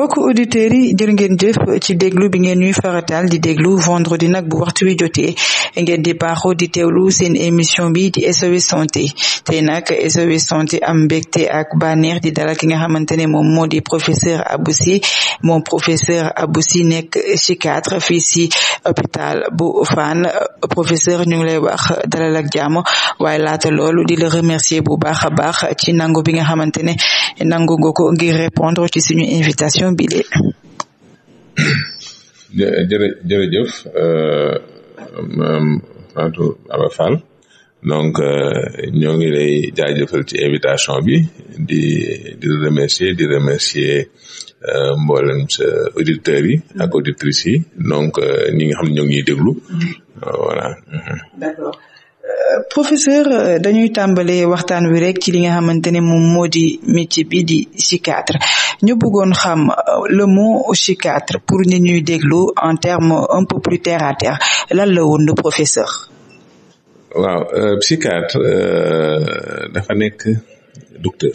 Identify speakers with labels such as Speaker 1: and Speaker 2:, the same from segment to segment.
Speaker 1: mbokk auditeurs yi jërë ngeen jëf ci déglu bi ngeen ñuy faratal di déglu vendredi nag bu waxtu wi jotee ngeen di baaxoo di lu seen émission bi di SOS santé tey nag SOS santé am mbégte ak bànneex di dalal ki nga xamante ne moom moo di professeur Abou Sy moom professeur Abou Sy nekk psychiatre fii si hôpital bu Fann professeur ñu ngi lay baax dalal ak jàmm waaye laata loolu di la remercier bu baax a baax ci nangu bi nga xamante ne nangu nga ko ngir répondre ci suñu invitation émission bi de.
Speaker 2: jërë jërëjëf euh, Fatou Baba Fall donc euh, ñoo ngi lay jaajëfal ci invitation bi di di di remercier euh, mboolem sa auditeurs yi ak auditrices yi donc ñi ngi xam ne ñoo ngi ñuy déglu
Speaker 1: professeur euh, dañuy tàmbalee waxtaan wi rek ci li nga xamante ne moom moo di métier bi di psychiatre ñu bëggoon xam euh, le mot psychiatre pour ñu ñuy déglu en terme un peu plus terre à terre lan la woon le professeur.
Speaker 2: waaw euh, psychiatre dafa nekk docteur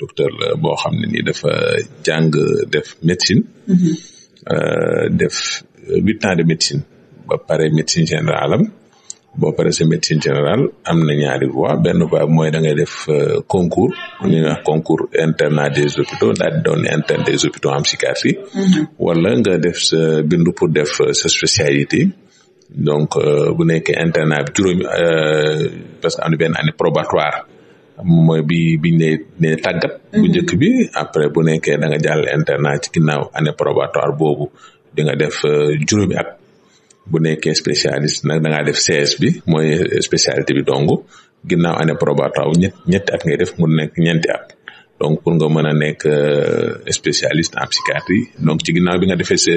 Speaker 2: docteur la boo xam ne ni dafa jàng def médecine. Mhm. def huit ans de médecine ba pare médecine générale am boo paree si médecine général am na ñaari voie benn voie mooy da ngay def euh, concours li ñuy wax concours internat des hôpitaux daal di doon interne des hôpitaux en psychiatrie mm-hmm. wala nga def sa bindu pour def euh, sa spécialité donc euh, bu nekkee internat bi juróomi parce que am année probatoire mooy bi biñ ne ne tàggat bu mm-hmm. njëkk bi après bu nekkee da nga jàll internat ci ginnaaw année probatoire boobu di nga def juróomi at bu nekkee spécialiste nag da def CS bi mooy spécialité bi dong ginnaaw année probatoire ñett ñetti at ngay def mu nekk ñeenti at donc pour nga mën a nekk euh, spécialiste en psychiatrie donc ci ginnaaw bi nga defee sa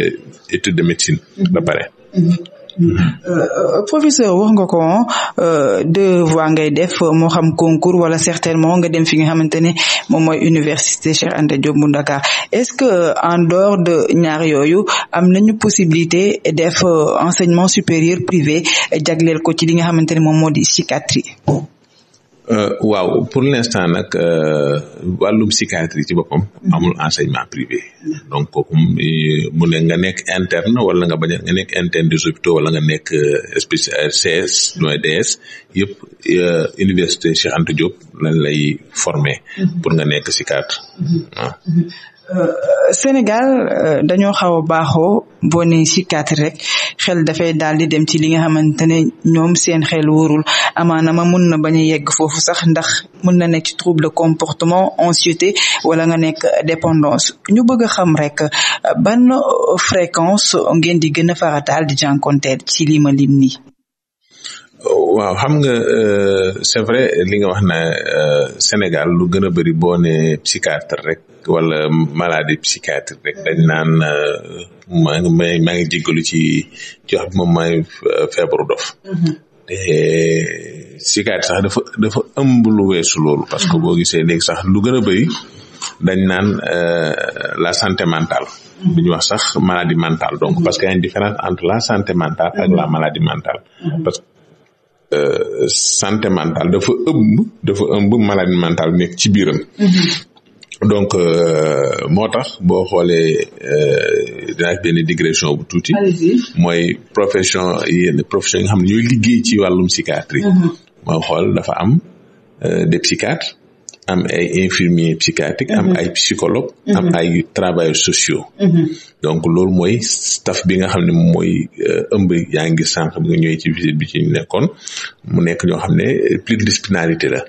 Speaker 2: étude de médecine ba pare
Speaker 1: mm-hmm. Mm-hmm. Euh, euh, professeur wax nga ko euh, deux voies ngay def moo xam concours wala certainement nga dem fi nga xamante ne moom mooy université Cheikh Anta Diop bu est-ce que en dehors de ñaar yooyu am nañu possibilité def enseignement supérieur privé jagleel ko ci li nga xamante ne moom moo di psychiatrie
Speaker 2: Euh, waaw pour l'instant nag euh, wàllum psychiatrie ci boppam. Mhm. amul enseignement privé. donc kooku um, mu ne nga nekk interne wala nga bañ nga nekk interne des hôpitaux wala nga nekk euh, spécial CS nooy DS yëpp université Cheikh Anta Diop lañ lay former mhm. pour nga nekk psychiatre waaw.
Speaker 1: Mhm. Ah. Euh, Sénégal euh, dañoo xaw a baaxoo boo nee psychiatre rek xel dafay daal di dem ci li nga xamante ne ñoom seen xel wóorul amaana ma mun na bañ a yegg foofu sax ndax mun na nekk ci trouble de comportement anxiété wala nga nekk dépendance ñu bëgg a xam rek euh, ban fréquence ngeen di gën a farataal di jànkonteel ci lii ma lim ni
Speaker 2: waaw xam nga euh, c'est vrai li nga wax na euh, Sénégal lu gën a bëri boo ne psychiatre rek wala maladie psychiatrique rek dañ naan euh, maa ngi maa ngi jéggalu ci jox bi feebaru dof mm-hmm. te psychiatre sax dafa dafa ëmb lu weesu loolu parce que mm-hmm. boo gisee léegi sax lu gën a bëri dañ naan la santé mentale mm-hmm. bi wax sax maladie mentale donc parce que y a une différence entre la santé mentale la maladie mentale parce Euh, santé mentale dafa ëmb dafa ëmb maladie mentale nekk ci biiram mhm. donc euh, moo tax boo xoolee euh, dinaa def benn digression bu tuuti. mooy profession yenn profession yi nga xam ne ñooy liggéey ci wàllum psychiatrie. Mhm. moo xool dafa am des psychiatres am ay infirmier psychiatrique am mhm. ay psychologue am mhm. ay travailleurs sociaux mhm. donc loolu mooy staff bi nga xam ne mooy euh, ëmb yaa ngi sànq bi nga ñëwee bi ci ñu nekkoon mu nekk ñoo xam ne pluridisciplinarité la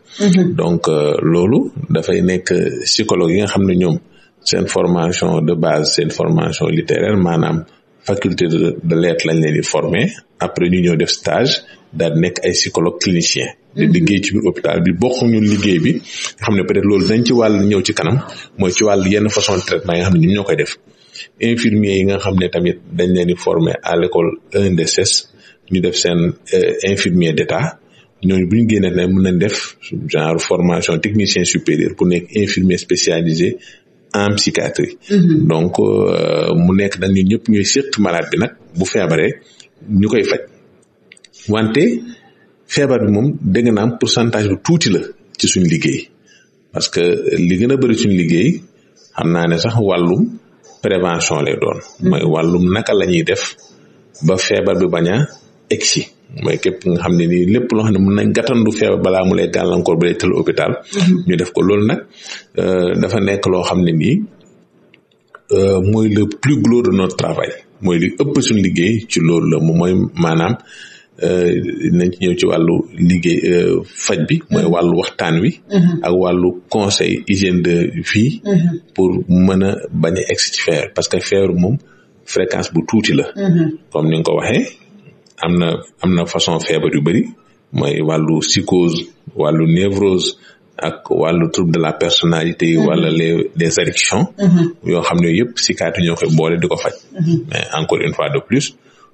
Speaker 2: donc euh, loolu dafay nekk psychologue yi nga xam ne ñoom seen formation de base seen formation littéraire maanaam faculté de de lañ leen di former après ñu ñëw def stage daal nekk ay psychologue clinicien di liggéey ci biir hôpital bi bokkuñu liggéey bi nga xam ne peut-être loolu dañ ci wàll ñëw ci kanam mooy ci wàll yenn façon traitement yi xam ne ñun ñoo koy def infirmier yi nga xam ne tamit dañ leen di former à l'école ENDSS ñu def seen euh, infirmier d'état ñooñu bu ñu génnee nag mën nañ def genre formation technicien supérieur pour nekk infirmier spécialisé en psychiatrie mm-hmm. donc euh, mu nekk nag ñun ñëpp ñuy seq malade bi nag bu feebaree ñu koy faj wante feebar bi moom dégg naa pour pourcentage bu tuuti la ci suñ liggéey parce que li gën a bëri suñ liggéey xam naa ne sax wàllum prévention lay doon mooy wàllum naka la ñuy def ba feebar bi bañ a egsi mooy képp nga xam ne ni lépp loo xam ne mën nañ gàttandu feebar balaa mu lay gàllankoor ba lay tël hôpital ñu def ko loolu nag euh, dafa nekk loo xam ne nii euh, mooy le plus gros de notre travail mooy li ëpp suñ liggéey ci loolu la moom mooy maanaam Euh, nañ ci ñëw ci wàllu liggéey euh, faj bi mooy mm-hmm. wàllu waxtaan wi mm-hmm. ak wàllu conseil hygiène de vie mm-hmm. pour mën a bañ a egsi parce que feebar moom fréquence bu tuuti la comme ni nga ko waxee am na am na façon feebar yu bëri mooy wàllu psychose wàllu névrose ak wàllu trouble de la personnalité wala les des addictions yoo xam ne yëpp si kaatu ñoo koy boole di ko faj mais encore une fois de plus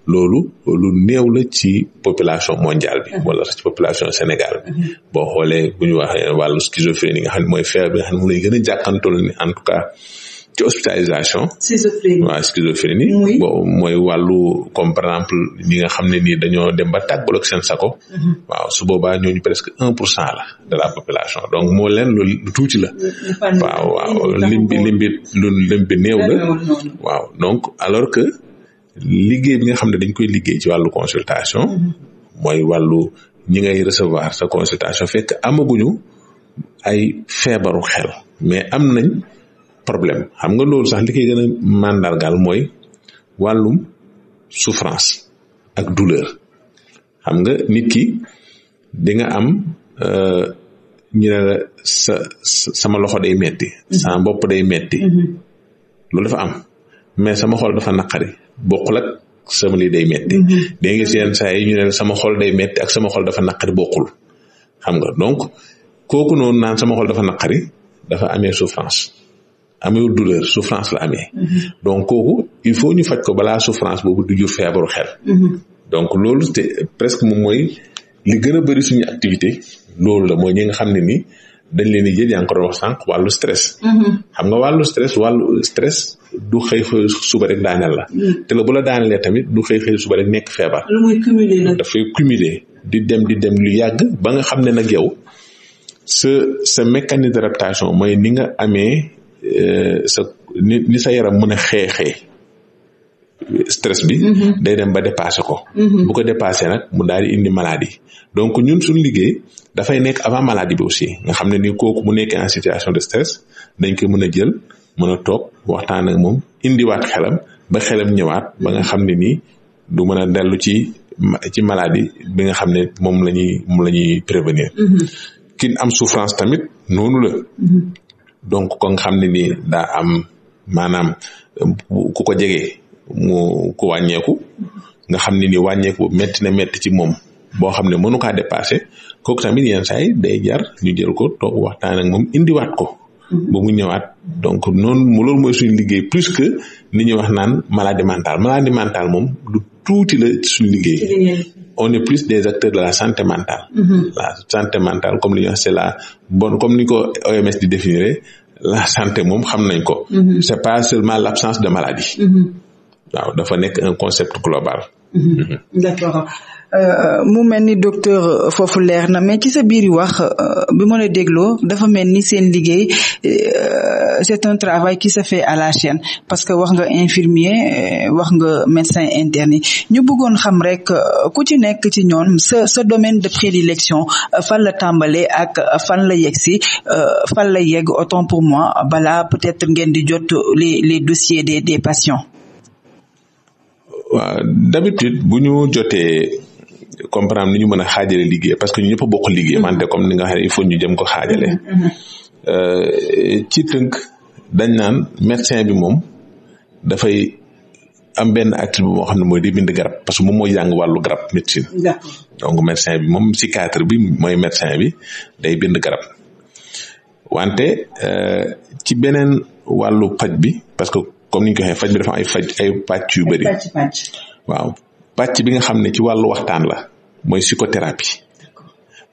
Speaker 2: loolu lu néew la ci population mondiale bi. Mhm. wala population Sénégal bi. Mhm. boo xoolee bu ñu waxee wàllu schizophrénie nga xam ne mooy feebar bi nga xam lay gën a jàkkaantool ni en tout cas ci hospitalisation. schizophrénie waaw mooy wàllu comme par exemple ñi nga xam ne nii dañoo dem ba tàggatoo ak seen sako. Mhm. waaw su boobaa ñooñu presque un pour cent la de la population donc moo leen lu tuuti la. waaw waaw lim bi néew la. waaw donc alors que. liggéey bi nga xam ne dañ koy liggéey ci wàllu consultation mm-hmm. mooy wàllu ñi ngay recevoir sa consultation fekk amaguñu ay feebaru xel mais am nañ problème xam nga loolu sax li koy gën a màndargaal mooy wàllum souffrance ak douleur xam nga nit ki di nga am euh, ñu ne sa sama loxo day metti mm-hmm. sama bopp day metti mm-hmm. loolu dafa am mais sama xol dafa naqari bokkul ak sama lii day metti mhm. dégg nga seen saa yi ñu ne sama xol day metti ak sama xol dafa naqari bokkul xam nga donc kooku noonu naan sama xol dafa naqari dafa amee souffrance amewul douleur la amee mhm. donc kooku il faut ñu faj ko balaa souffrance boobu du jur feebaru xel mhm. donc loolu te presque moom mooy li gën a bëri suñu activité loolu la mooy ñi nga xam ne nii dañ leen di jël yaa ko doon wax sànq wàllu stress. Mm-hmm. xam nga wàllu stress wàllu stress du xëy xëy suba rek daaneel la. Mm. te la bu la daanelee tamit du xëy xëy suba rek nekk feebar.
Speaker 1: lu muy cumuler
Speaker 2: nag dafay cumuler di dem di dem lu yàgg ba nga xam ne nag yow sa sa mécanisme d'adaptation mooy ni nga amee euh, sa ni sa yaram mën a xeexee. stress bi. Mhm. day dem ba dépassé ko. Mhm. bu ko dépassé nag mu daal di indi maladie donc ñun suñu liggéey dafay nekk avant maladie bi aussi nga xam ne ni kooku mu nekkee en situation de stress dañ ko mën a jël mën a toog waxtaan ak moom indiwaat xelam ba xelam ñëwaat ba nga xam ne nii du mën a dellu ci ci maladie bi nga xam ne moom la ñuy moom la ñuy prévenir. Mhm. kin am souffrance tamit noonu la. donc ko nga xam ne nii daa am maanaam ku ko jege. mu ku wàññeeku nga xam ne ni wàññeeku métti na métti ci moom boo xam ne mënu kaa dépassé kooku tamit yenn saa yi day jar ñu jël ko to waxtaan ak moom indiwaat ko. ba mu ñëwaat donc noonu loolu mooy suñu liggéey plus que ni ñuy wax naan maladie mentale maladie mentale moom du tuuti la suñu
Speaker 3: liggéey.
Speaker 2: on est plus des acteurs de la santé mentale. Mm-hmm. la santé mentale comme li ñuy wax c'est la bonne comme ni ko OMS di définir la santé moom xam nañ ko. Mm-hmm. c'est pas seulement l'absence de maladie. Mm-hmm. waaw dafa nekk un concept global.
Speaker 1: Mm-hmm. Euh, mu mel ni docteur foofu leer na mais ci sa biir wax euh, bi ma la dégloo dafa mel ni seen liggéey euh, c'est un travail qui se fait à la chaîne parce que wax nga infirmier wax nga médecin interne ñu bëggoon xam rek ku ci nekk ci ñoom sa sa domaine de prédilection fan la tàmbalee ak fan la yegg si fan la yegg autant pour moi balaa peut-être ngeen di jot les les dossiers des des patients.
Speaker 2: waaw d'habitude bu ñu jotee comprendre ni ñu mën a xaajale liggéey parce que ñu ñëpp bokk liggéey mante comme ni nga xam ne il faut ñu xaajale mm-hmm, mm-hmm. Euh, ci tënk dañ naan médecin bi moom dafay am benn activité moo xam ne mooy di bind garab parce que moom mooy jàng wàllu garab médecine donc médecin bi moom si psychiatre bi mooy médecin bi day bind garab wante euh, ci beneen wàllu paj bi parce que comme ni ñu ko waxee faj bi dafa ay faj ay pàcc yu bëri waaw pàcc bi nga xam ne ci wàllu waxtaan la mooy psychothérapie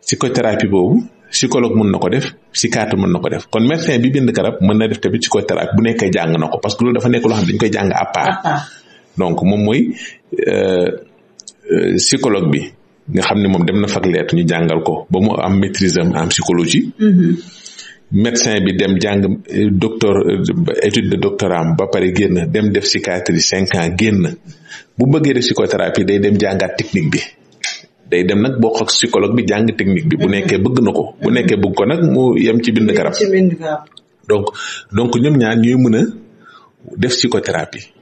Speaker 2: psychothérapie boobu psychologue mën na ko def psychiatre mën na ko def kon médecin bi bind garab mën na def tamit psychothérapie bu nekkee jàng na ko parce que loolu dafa nekk loo xam ne dañu koy jàng à donc moom mooy euh, euh, psychologue bi nga xam ne moom dem na faculté ñu jàngal ko ba mu am maîtrise am en psychologie.
Speaker 3: Mm-hmm.
Speaker 2: médecin bi dem jàng euh, docteur euh, étude de doctorat ba pare génn dem def psychiatrie cinq ans génn bu bëggee def psychothérapie day dem jàngaat technique bi day dem nag bokk ak bi jàng technique bi bu mhm. nekkee bëgg na ko bu mhm. nekkee bëgg ko nag mu yem ci bind garab donc donc ñoom ñaar ñuy mën a def psychothérapie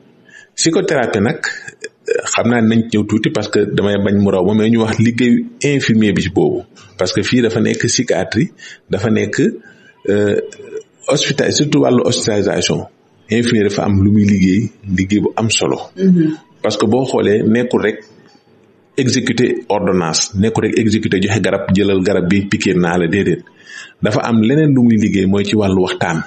Speaker 2: psychothérapie nag euh, xam naa nañ ñëw tuuti parce que damay bañ mu raw ma mais ñu wax liggéeyu infirmier bi ci boobu parce que fii dafa nekk psychiatrie dafa nekk Euh, hospital surtout wàllu hospitalisation infirmier dafa am lu muy liggéey liggéey bu am solo. Mm-hmm. parce que boo xoolee nekkul rek exécuter ordonnance nekkul rek exécuter joxe garab jëlal garab bi piqué naa la déedéet dafa am leneen lu muy liggéey mooy ci wàllu waxtaan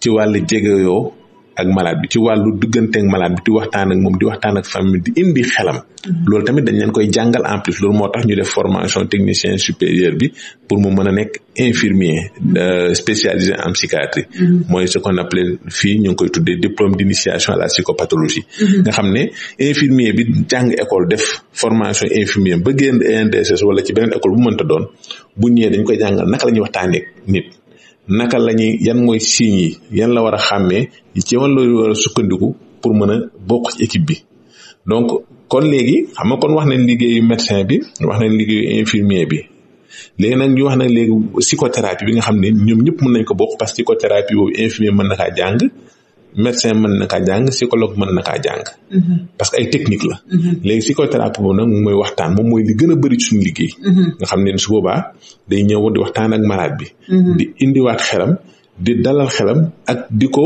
Speaker 2: ci wàllu jegeyoo ak malade bi ci wàllu diggante ak malade bi di waxtaan ak moom di waxtaan ak famille di indi xelam mm-hmm. loolu tamit dañ leen koy jàngal en plus loolu moo tax ñu def formation technicien supérieur bi pour mu mën a nekk infirmier mm-hmm. euh, spécialisé en psychiatrie mm-hmm. mooy ce qu'on appelle fii ñu ngi koy tuddee diplôme d'initiation à la psychopathologie nga xam ne infirmier bi jàng école def formation infirmier ba génn ENDSS wala ci beneen école bu mënta doon bu ñëwee dañ koy jàngal naka la ñuy waxtaanee nit naka la ñuy yan mooy signes yi yan la war a xàmmee ci wan la war a sukkandiku pour mën a bokk ci équipe bi donc kon léegi xam nga kon wax nañ liggéeyu médecin bi wax nañ liggéeyu infirmier bi léegi nag ñu wax na léegi psychothérapie bi nga xam ne ñoom ñëpp mën nañ ko bokk parce que psychothérapie boobu infirmier mën na kaa jàng médecin mën na kaa jàng psychologue mën na kaa jàng. Mm-hmm. parce que ay technique la. Mm-hmm. léegi psychothérapie boobu nag moom mooy waxtaan moom mooy li gën a bëri ci suñu liggéey. Mm-hmm. nga xam ne su boobaa day ñëw di waxtaan ak malade bi. di indiwaat xelam di dalal xelam ak di ko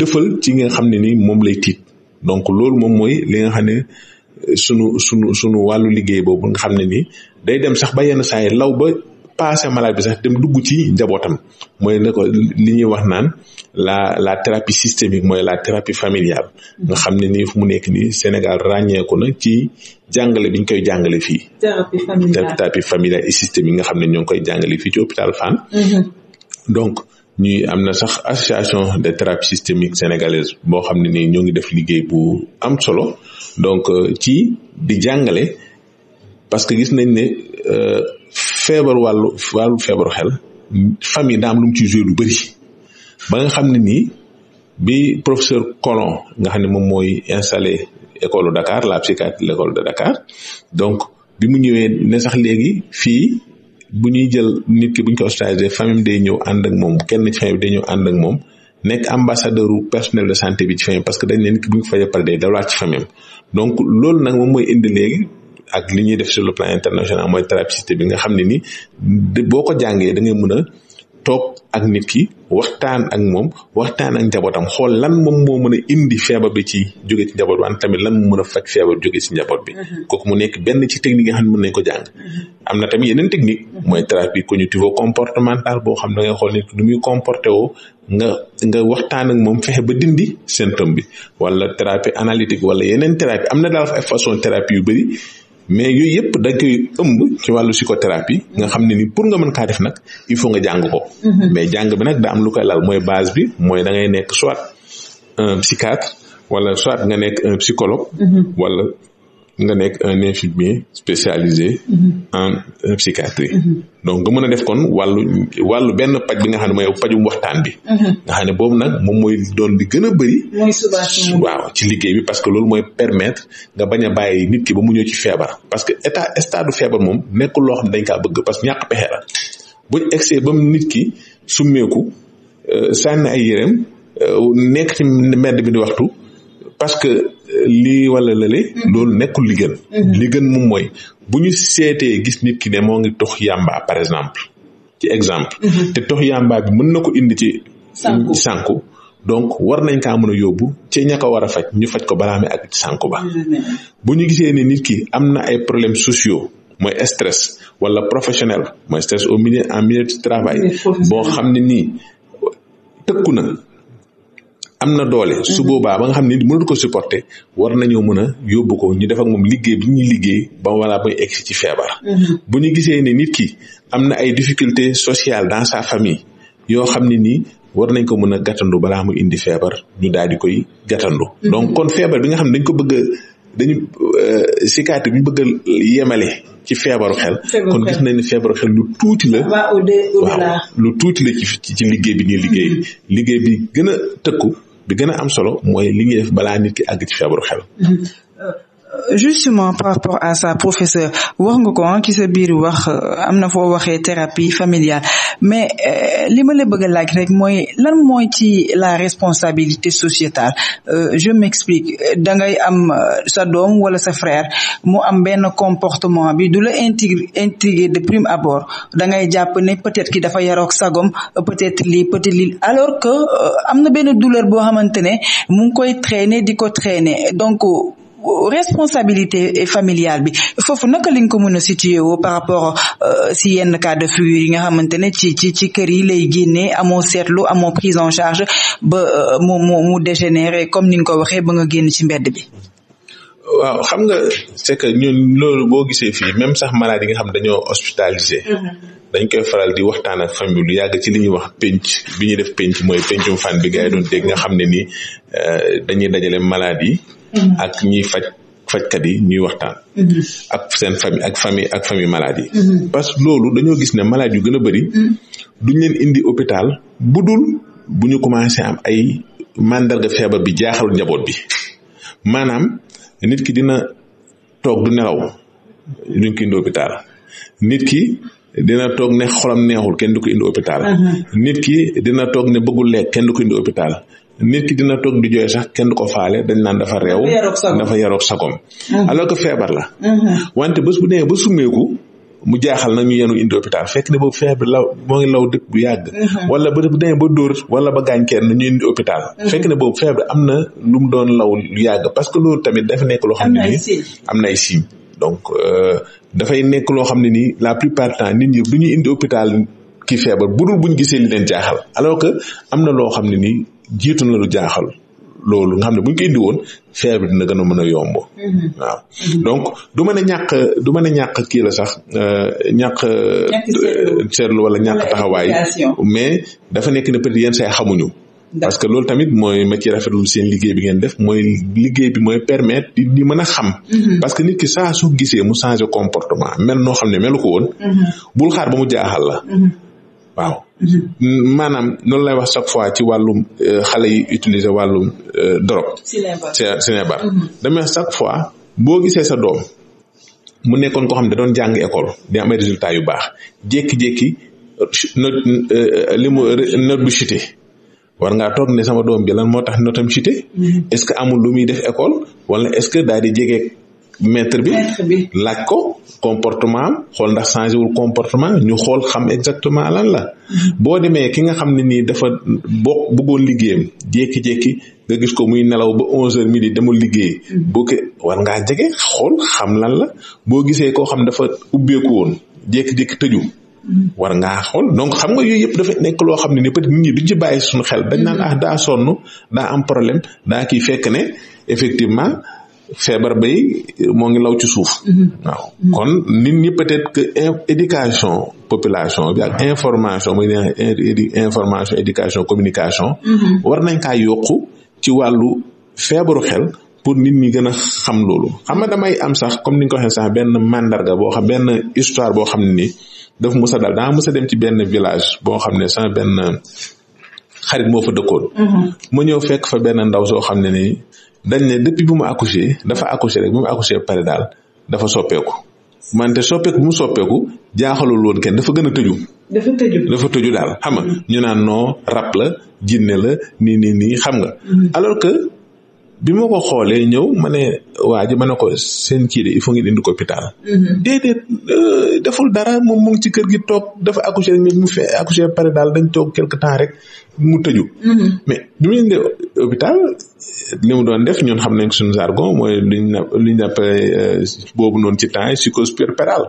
Speaker 2: dëfal ci nga xam ne ni moom lay tiit donc loolu moom mooy li nga xam ne. sunu sunu sunu wàllu liggéey boobu nga xam ne nii day dem sax ba yenn saa law ba passé malade bi sax dem dugg ci njabootam mooy ne ko li ñuy wax naan la la thérapie systémique mooy la thérapie familiale nga xam ne nii fu mu nekk nii Sénégal ràññeeku na ci jàngale bi koy jàngale fii thérapie familiale et systémique nga xam ne ñoo ngi koy jàngale fii ci hôpital Fann mm-hmm. donc ñuy am na sax association de thérapie systémique sénégalaise boo xam ne nii ñoo ngi def liggéey bu am solo donc euh, ci di jàngale parce que ngis nañ ne euh, feebar wàllu wàllu feebaru xel famille daam lu mu ci joué lu bëri ba nga xam ne nii bi professeur Collomb nga xam ne moom mooy installé école de Dakar la psychiatrie de l'école de Dakar donc bi mu ñëwee ne sax léegi fii bu ñuy jël nit ki bu ñu ko hospitalisé famille day ñëw ànd ak moom kenn ci bi ñëw ànd ak moom nekk ambassadeur u personnel de santé bi ci famille parce que dañ ne nit ki bu ñu ko fajee pare day dalaat ci famille donc loolu nag moom mooy indi léegi ak li ñuy def si le plan international mooy thérapie bi nga xam ne ni boo ko jàngee da mën a toog ak nit ki waxtaan ak moom waxtaan ak njabootam xool lan moom moo mën a indi feebar bi ci jóge ci njaboot bi tamit lan moo mën a faj feebar jóge ci bi mm-hmm. kooku mu nekk benn ci technique nga xam ne mën nañ ko jàng
Speaker 3: mm-hmm.
Speaker 2: am na tamit yeneen technique mm-hmm. mooy thérapie cognitivo comportementale boo xam da ngay xool nit ki muy comporté woo nga nga waxtaan ak moom fexe ba dindi symptôme bi wala thérapie analytique wala yeneen thérapie am na daal façon thérapie yu bëri mais yooyu yëpp da koy ëmb ci wàllu psychothérapie nga xam ne ni pour nga mën kaa def nag il faut nga jàng ko. Mm-hmm. mais jàng bi nag da am lu koy lal mooy base bi mooy da ngay nekk soit un psychiatre wala soit nga nekk un psychologue. Mm-hmm. wala nga nekk un infirmier spécialisé mm-hmm. en euh, psychiatrie mm-hmm. donc nga mën a def kon wàllu wàllu benn paj bi nga xam ne mooy pajum waxtaan bi mm-hmm. nga xam ne boobu nag moom mooy doon di gën a bëri waaw ci liggéey bi parce que loolu mooy permettre nga bañ a bàyyi nit ki ba mu ñëw ci feebar parce que état stade feebar moom nekkul loo xam dañ kaa bëgg parce que ñàkk pexe la buñ egsee ba mu nit ki summeeku euh, sànni ay yéreem euh, nekk ci mbedd bi di waxtu parce que euh, li wala lale mm-hmm. loolu nekkul li gën mm-hmm. li gën moom mooy bu ñu seetee gis nit ki ne moo ngi tox yàmbaa par exemple ci exemple mm-hmm. te tox yàmbaa bi mën na ko indi ci sànku donc war nañ kaa mën a yóbbu ci ña ko war a faj ñu faj ko balaa mi ak sànku ba bu ñu gisee ne nit ki am na ay problème sociaux mooy stress wala professionnel mooy stress au milieu en milieu de travail boo xam ne nii tëkku na am na doole su mhm. boobaa ba nga xam ne mënatu ko supporter war nañoo mën a yóbbu ko ñu def ak moom liggéey bi ñuy liggéey ba wala ba egg ci feebar mhm. bu ñu gisee ne nit ki am na ay difficultés sociale dans sa famille yoo xam ne nii war nañ ko mën a gàttandu balaa mu indi feebar ñu daal di koy gàttandu mhm. donc kon feebar bi nga xam ne dañ ko bëgg dañu sikaati euh, bi ñu bëgg a yemale ci feebaru xel kon gis nañ ne feebaru xel lu tuuti la waaw lu tuuti la ci ci liggéey bi ñuy liggéey liggéey bi gën a tëkku bi gën a am solo mooy li ñuy def nit ki àgg ci feebaru xel.
Speaker 1: Euh, justement par rapport à ça professeur wax nga ko ci sa biir wax euh, am na foo waxee thérapie familiale mais euh, li ma la bëgg a laaj rek mooy lan mooy ci la responsabilité sociétale euh, je m'explique da ngay am sa doom wala sa frère mu am benn comportement bi du la intriguer intriguer de prime abord da ngay jàpp ne peut-être ki dafa yarook sagom peut-être lii peut-être lii alors que am na benn douleur boo xamante ne mu ngi koy traîner di ko traîner donc responsabilité familiale bi foofu naka lañ ko mën a situé woo par rapport euh, si yenn cas de yi nga xamante ne ci ci ci kër yi lay génnee amoo seetlu amoo prise en charge ba euh, mu mu mu dégénéré comme ni nga ko waxee ba nga génn ci mbedd bi.
Speaker 2: waaw xam nga c'est que ñun loolu boo gisee fii même sax malade yi nga xam dañoo hospitalisé. dañ koy faral di waxtaan ak famille lu yàgg ci li ñuy wax penc bi ñuy def penc mooy pencum fan bi gars yi doon dégg nga xam ne ni euh, dañuy dajale malade yi. Mm-hmm. ak ñiy faj fajkat yi ñuy waxtaan mm-hmm. ak seen famille ak famille ak famille malade yi mm-hmm. parce que loolu dañoo gis ne malade yu gën a bëri duñ leen indi hôpital bu dul bu ñu commencé am ay màndarga feebar bi jaaxal njaboot bi maanaam nit ki dina toog du nelaw duñ ko indi hôpital nit ki dina toog ne xolam neexul kenn du ko indi hôpital nit ki dina toog ne bëggul lekk kenn du ko indi hôpital nit ki dina toog di jooy sax kenn du ko faale dañ naan dafa réew dafa yaroog sagom alors que feebar la wante bés bu nee ba sumeeku mu jaaxal nag ñu yenu indi hôpital fekk ne boobu feebar law moo ngi law dëkk bu yàgg wala ba bu demee ba dóor wala ba gaañ kenn ñu indi hôpital fekk ne boobu feebar am na lu mu doon law lu yàgg parce que loolu tamit dafa nekk loo xam ne nii am na ay signes donc euh, dafay nekk loo xam ne nii la plupart du temps nit ñi du ñu indi hôpital ki feebar budul buñ gisee li leen jaaxal alors que am na loo xam ne nii jiitu na lu jaaxal loolu nga xam ne bu ko indi woon feer bi dina gën a mën a yomb. Mm-hmm. waaw mm-hmm. donc du mën a ñàkk du mën a ñàkk kii la sax euh, ñàkk. Euh, seetlu wala ñàkk taxawaay. mais dafa nekk ne peut être yenn say xamuñu. parce que loolu tamit mooy ma ci rafetlu seen liggéey bi ngeen def mooy liggéey bi mooy permettre di di mën a xam. Mm-hmm. parce que nit ki saa su gisee mu changé comportement mel noo xam ne melu ko woon. bul xaar ba mu jaaxal la. waaw mm-hmm. maanaam noonu lay wax chaque fois ci wàllum euh, xale yi utiliser wàllum euh, drogue sinebar euh, mm-hmm. damay wax chaque fois boo gisee sa doom mu nekkoon koo xam ne da doon jàng école di am résultat yu baax jékki-jékki not li mu not bu chuté war ngaa toog ne sama doom bi lan moo tax notam chuté mm-hmm. est-ce que amul lu muy def école wala est-ce que daal di jege maître bi laaj ko comportement am xool ndax changé wul comportement ñu xool xam exactement lan la mm-hmm. boo demee ki nga xam ne nii dafa bokk bëggoon liggéeyam jékki-jékki nga gis ko muy nelaw ba onze heures midi demul liggéey mm-hmm. boo ko war ngaa jege xool xam lan la boo gisee koo xam dafa ubbeeku woon jékki-jékki tëju
Speaker 3: mm-hmm.
Speaker 2: war ngaa xool donc xam nga yooyu yëpp dafa nekk loo xam ne ni peut-être nit ñi duñ ci bàyyi suñu xel dañ naan ah daa sonn daa am problème daa ki fekk ne effectivement feebar bay moo ngi law ci suuf. Mm-hmm. waaw kon nit ñi peut-être que éducation population bi ak mm-hmm. information muy information éducation communication. Mm-hmm. war nañ kaa yokku ci wàllu feebaru xel. pour nit ñi gën a xam loolu xam nga damay am sax comme ni nga ko waxee sax benn mandarga boo xam benn histoire boo xam ne nii daf musa dal daa musa dem ci benn village boo xam ne sama benn xarit moo fa dëkkoon. ma ñëw fekk fa benn ndaw soo xam ne nii dañ ne depuis bu mu accouché dafa accouché rek bu mu accouché pare daal dafa soppeeku mante soppeeku bu mu soppeeku jaaxalul woon kenn dafa gën a tëju.
Speaker 1: dafa tëju
Speaker 2: dafa tëju daal xam nga mm-hmm. ñu naan noo rab la jinne la nii nii nii xam nga. Mm-hmm. alors que bi ma ko xoolee ñëw ma ne waa ji ma ne ko seen kii de il faut ngeen indi ko hôpital. Mm-hmm. déedéet euh, deful dara moom mu ci kër gi toog dafa accouché rek mu fe accouché pare daal dañ toog quelque temps rek mu tëju. mais bi mu indi hôpital. li mu doon def ñun xam nañ suñu jargon mooy liñ na liñ appelé euh, boobu noonu ci temps yi psychospirituel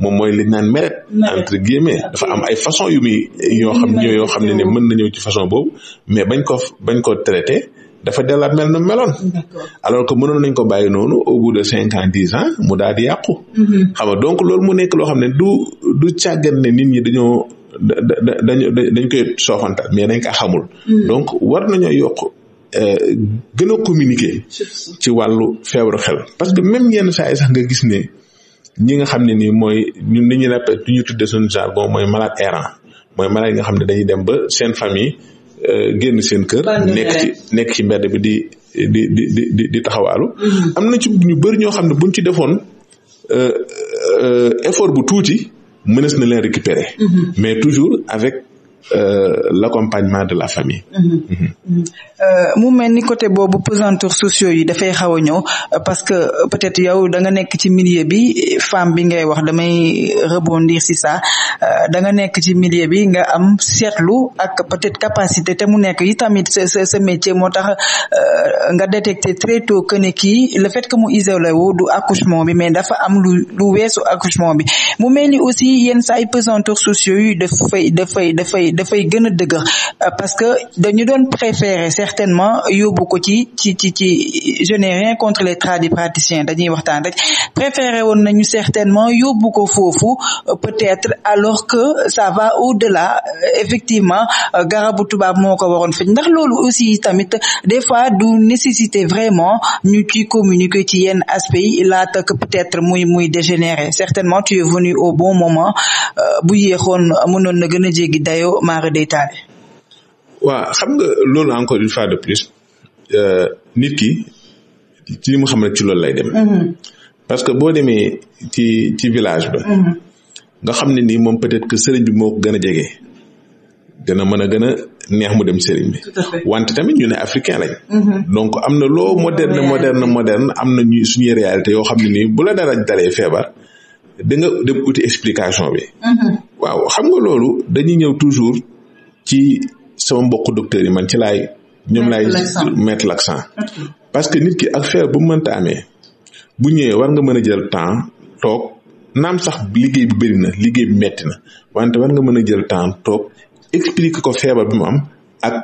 Speaker 2: moom mooy liñ naan meret entre guillemets dafa am ay façon yu yoo xam ñoo yoo xam ne ne mën na ci façon boobu mais bañ ko bañ ko traité dafa dellaat mel na meloon alors que mënoon nañ ko bàyyi noonu au bout de cinq ans dix ans mu daal di yàqu mm-hmm. xam nga donc loolu mu nekk loo xam ne du du càggat ne nit ñi dañoo da dañ dañ koy soofantal mais dañ ko xamul mm-hmm. donc war nañoo yokk Euh, gën a communiquer ci wàllu feebaru xel parce que même yenn saa yi sax nga gis ne ñi nga xam ne nii mooy ñun li ñu nepp li ñu tuddee suñu jargon mooy malade errant mooy malade yi nga xam ne dañuy dem ba seen famille euh, génn seen kër nekk ci nekk ci mbedd bi di di di di di taxawaalu mm-hmm. am na ci ñu bëri ñoo xam ne buñ ci defoon euh, effort bu tuuti mënees na leen récupérer mm-hmm. mais toujours avec euh, l'accompagnement de la famille.
Speaker 1: Mm-hmm. Mm-hmm. Mm-hmm. Euh, mu mel ni côté boobu pesanteurs sociaux yi dafay xaw a ñëw euh, parce que euh, peut-être yow da nga nekk ci millier bi femme bi ngay wax damay rebondir si ça da nga nekk ci milieu bi nga am seetlu ak peut-être capacité te mu nekk yi tamit sa sa métier moo tax nga détecter très tôt que ne kii le fait que mu isolé wu du accouchement bi mais dafa am lu lu weesu accouchement bi mu mel ni aussi yenn saa yi sociaux yi dafay dafay dafay. dafay dafay gën a dëgër euh, parce que dañu doon préférer certainement yóbbu ko ci ci ci ci je n'ai rien contre les tradipraticiens dañuy waxtaan rek préférer woon nañu certainement yóbbu ko foofu euh, peut-être alors que ça va au-delà euh, effectivement garabu tubaab moo ko waxoon faj ndax loolu aussi tamit des fois du nécessité vraiment ñu ci communiquer ci yenn aspect yi laata que peut-être muy muy dégénérer certainement tu es venu au bon moment bu yéexoon mënoon na gën a maara day taale.
Speaker 2: waaw xam nga loolu encore une fois de plus euh, nit ki ci li mu xam ne ci loolu lay demee. Mhm. parce que boo demee ci ci village ba. Mhm. nga xam ne nii moom peut-être que sëriñ bi moo ko gën a jege. dana mën a gën a neex mu dem sëriñ bi. wante tamit ñu ne africain lañ. Mhm. donc am na loo moderne moderne moderne am na ñuy suñuy réalité yoo xam ne nii bu la dara dalee feebar. da nga dem uti explication bi. Mhm. waaw xam nga loolu dañuy ñëw toujours ci sama mbokku docteurs yi man ci laay. ñoom laay mettre l'accent parce que nit ki ak feer bu mu mënta amee bu ñëwee war nga mën a jël temps toog naam sax liggéey bi bëri na liggéey bi metti na wante war nga mën a jël temps toog expliquer ko feebar bi mu am ak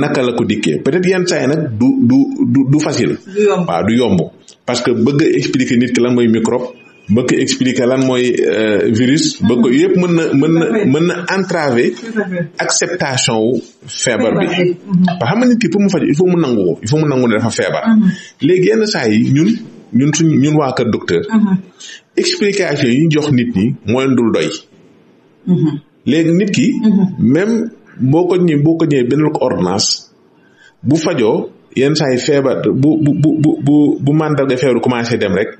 Speaker 2: naka la ko dikkee peut-être yenn saa yi nag du du du du facile. waaw du yomb parce que bëgg a expliquer nit ki lan mooy microbe. bëgg expliquer lan mooy euh, virus bëgg yëpp mën na mën na mën na entravé acceptation wu feebar bi mhm. xam nit ki pour mu faj il faut mu nangu ko il faut mu nangu ne dafa feebar mhm. léegi yenn saa yi ñun ñun suñ ñun waa kër docteur mhm. explication yi jox nit ñi moo leen dul doy léegi nit ki même boo ko ñëwee boo ko ñëwee benn ko ordonnance bu fajoo yenn saa yi feebar bu bu bu bu bu mandat de commencé dem rek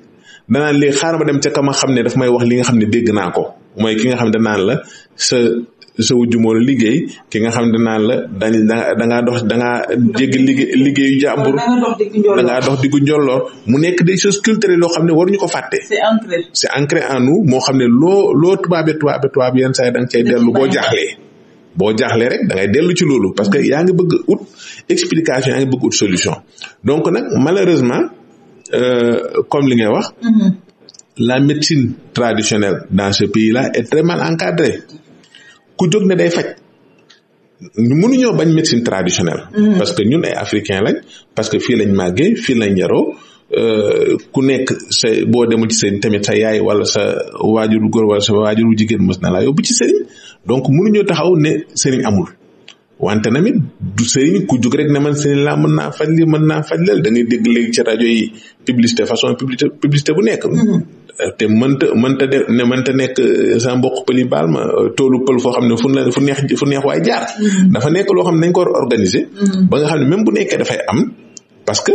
Speaker 2: danaan léegi xaaral ma dem ca kama xam ne daf may wax li nga xam ne dégg naa ko mooy ki nga xam de naan la sa sa wujju la liggéey ki nga xam ne naan la dañ da dangaa dox dangaa jégg liggéey liggéeyu jàmbur dangaa dox diggu njolloor mu nekk de choses culturelles loo xam ne waruñu ko fàtte c'est ancré en nous moo xam ne loo loo tubaabe tubaabe tubaab yenn saa yi da nga cay dellu boo jaaxlee boo jaaxlee da ngay dellu ci loolu parce que yaa ngi bëgg ut explication yaa ngi bëgg ut solution donc nag malheureusement Euh, comme li ngay wax. Mm-hmm. la médecine traditionnelle dans ce pays-là est très mal encadrée ku jóg ne day faj. ñu mënuñoo bañ médecine traditionnelle. Mm-hmm. parce que ñun ay africain lañ. parce que fii lañ màggee fii lañ yaroo euh, ku nekk sa boo demul ci sëriñ tamit sa yaay wala sa waajuru góor wala sa waajuru jigéen mës na laa yóbbu ci sëriñ donc mënuñoo taxaw ne sëriñ amul. wante namit du sëriñ ku jóg rek ne man seen laa mën naa faj li mën naa faj lal da ngay dégg léegi ci rajo yi publicité façon publicité publicité bu nekk mm-hmm. te mënta mënta def ne mënta nekk sa mbok pëli baal ma toolu pël foo xam ne fu la fu neex fu neex waay jaar mm-hmm. dafa nekk loo xam ne dañ ko organiser mm-hmm. ba nga xam ne même bu nekkee dafay am parce que